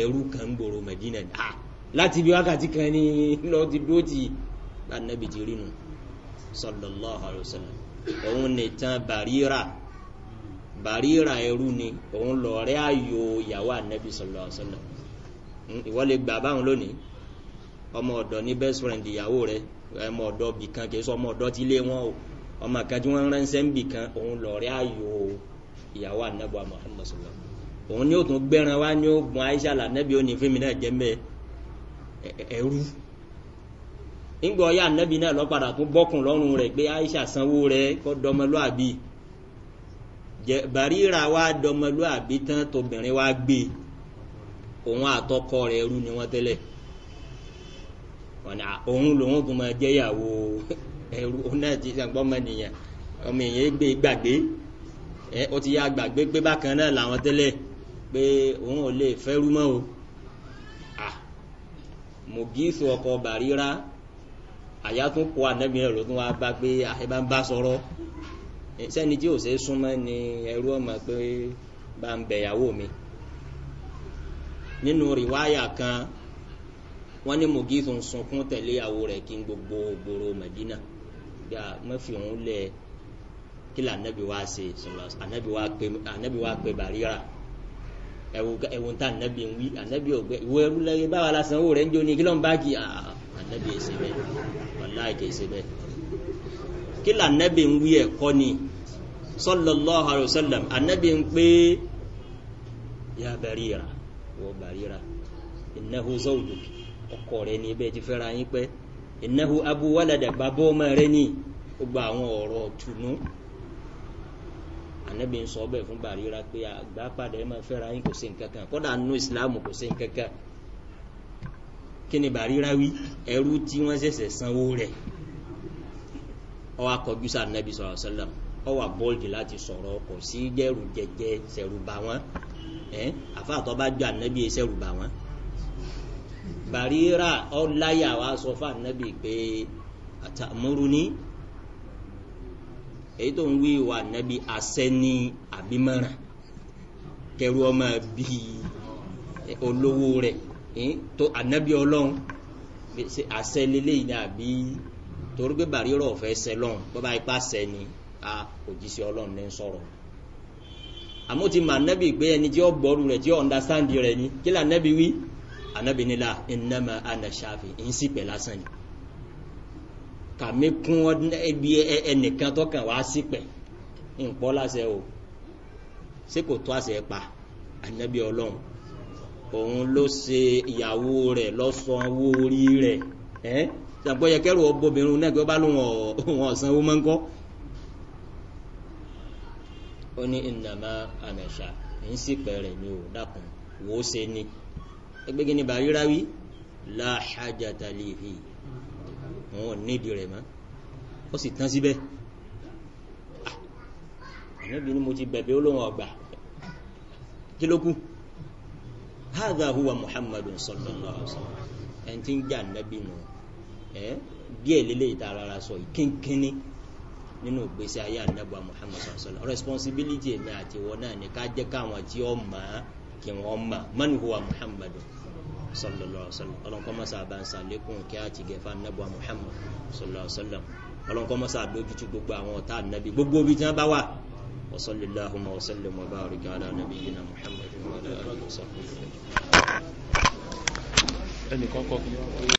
ẹrú kan ń gbòòrò mẹdínà láti bí wákàtí kan ni lọ ti dúró tì bá nẹ́bi ti rí nu sallallahu alayhi wa sallam òun nìtàn bàríra bàríra ẹrú ni òun lọ̀rẹ́ ayò ìyàwó ànẹ́bi sallallahu alayhi wa sallam ìwọ lè gbà báwọn lónìí ọmọ ọ̀dọ́ ní best friend ìyàwó rẹ ọmọ ọ̀dọ́ bì kan kì í sọ ọmọ ọ̀dọ́ ti lé wọn o ọmọ kan tí wọ́n ránṣẹ́ ń bì kan òun lọ̀rẹ́ ayò ìyàwó ànẹ́bi Muhammad sallallahu òun ni ó tún wá ní ó Aisha lànẹ́bi ó fún mi náà jẹ́ mẹ́ ẹrú. E, e, ńgbọ́ ya nẹ́bi náà lọ́padà tún bọ́kùn lọ́rùn rẹ̀ pé aisha sanwó rẹ̀ kọ́ dọmọlúàbí bàríra wa dọmọlúàbí tán tóbìnrin wa gbé òun àtọkọ rẹ̀ rú ni wọ́n tẹ́lẹ̀ òun lòun tún máa jẹ́ ìyàwó ẹrú òun náà ti sàgbọ́ ọmọ nìyẹn ọmọ èèyàn gbé gbàgbé ẹ ó ti yá gbàgbé pé bákan náà làwọn tẹ́lẹ̀ pé òun ò lè fẹ́rú mọ́ o mògísù ọkọ̀ bàríra àyà tún kó anabi náà ló tún wá bá pé àyà ah, bá sọ̀rọ̀ sẹ́ni tí ò ṣe é ni ẹrú ọmọ pé bá ń bẹ̀ yàwó mi nínú rìwáyà kan wọ́n ní mugizu ń sunkún tẹ̀lé ìyàwó rẹ̀ kí n gbogbo gbòòrò Madina gba mọ́fì òun lẹ̀ kí lè anabi wá ṣe sọ̀rọ̀ anabi wá pé bàríra ẹ̀wù ń ta anabi ń wí anabi ò gbẹ ìwé ẹrú lẹ́yìn báwa lásán owó rẹ̀ ń jó ni kí ló ń bá kí àá. Ah, anabi ẹsẹ bẹ wàláyé kẹ ẹsẹ bẹ kí la anabi ń wí ẹkọ ni sallallahu alayhi wa sallam anabi ń pé ya barira wọ barira innahu zawduk ọkọ rẹ ni bẹẹ ti fẹ́ra yín pẹ́ innahu abu walada bàbá ọmọ rẹ ni ó gba àwọn ọ̀rọ̀ tùnú anabi ń sọ fún barira pé àgbà padà ẹ máa fẹ́ra kò sí nǹkan kódà nínú ìsìlámù kò sí nǹkan kí ni bàríra wí ẹrú tí wọ́n ṣẹ̀ṣẹ̀ sanwó rẹ̀ ó wá kọjú sí anabi sọ̀rọ̀ sọ́lá ó wá bọ́ọ̀lì láti sọ̀rọ̀ kò sí jẹ́rù jẹjẹ sẹ̀rùbà wọn ẹ̀ àfàtọ́ bá jọ anabi sẹ̀rùbà wọn bàríra ọláyà wa sọ fún anabi pé àtàmúrúni èyí tó ń wí ìwà anabi asẹ́ni àbímọ́ràn kẹrù ọmọ bíi olówó rẹ̀ tó anabi ọlọ́run àṣẹ lélẹ́yìn náà bí torí pé bàrí rọ̀ fẹ́ sẹ lọ́run bọ́bá ipá sẹ ni a òjíṣẹ́ ọlọ́run ní sọ̀rọ̀ àmọ́ ti mà nẹ́bì gbé ẹni tí ó gbọ́rù rẹ̀ tí ó ọ̀ndàstáǹdì rẹ̀ ni kí là nẹ́bì wí ànẹ́bì nílà ẹnẹ́mà ànàṣàfì ń sì pẹ̀ lásán ni kàmí kún ẹbí ẹnìkan tọkàn wá sí pẹ̀ ń pọ́ o ṣé kò tó àṣẹ pa ànẹ́bì ọlọ́run òun ló ṣe ìyàwó rẹ̀ lọ́sàn owó orí rẹ̀ ẹ́ ṣàpọ̀ yẹ kẹ́rù ọbọ̀bìnrin náà kí wọ́n bá lóun ọ̀sán owó máa ń kọ́. ó ní ìnàmá àmẹ̀ṣà ń sì pẹ̀rẹ̀ ní o dákun wò ó ṣe ni ẹgbẹ́ gíní bá ríra wí láhàjà tàlẹ́ ìhì wọn ò nídìí rẹ̀ mọ́ ó sì tán síbẹ̀ ah, àníbi ni mo ti bẹ̀bẹ̀ ó lóun ọ̀gbà kí ló kù hadha huwa muhammadu sallallahu alaihi wa sallam ẹni tí ń jà nẹ́bí nù ẹ́ díẹ̀ lélẹ̀ ìta rárá sọ ìkínkínní nínú ìgbésí ayé ànábà muhammadu sallallahu alaihi wa sallam responsibility èmi àti ìwọ náà ni ká jẹ́ káwọn tí ó mọ̀ á kí wọ́n mọ̀ man huwa muhammadu sallallahu alaihi wa sallam ọlọ́nkọ́ mọ́sá àbánsá lẹ́kùn kí á ti gẹ̀fà ànábà muhammadu sallallahu alaihi wa sallam ọlọ́nkọ́ mọ́sá àdójútì gbogbo àwọn ọ̀tá ànábì gbogbo ibi tí wọ́n bá وصل اللهم وسلم وبارك على نبينا محمد وعلى آله وصحبه أجمعين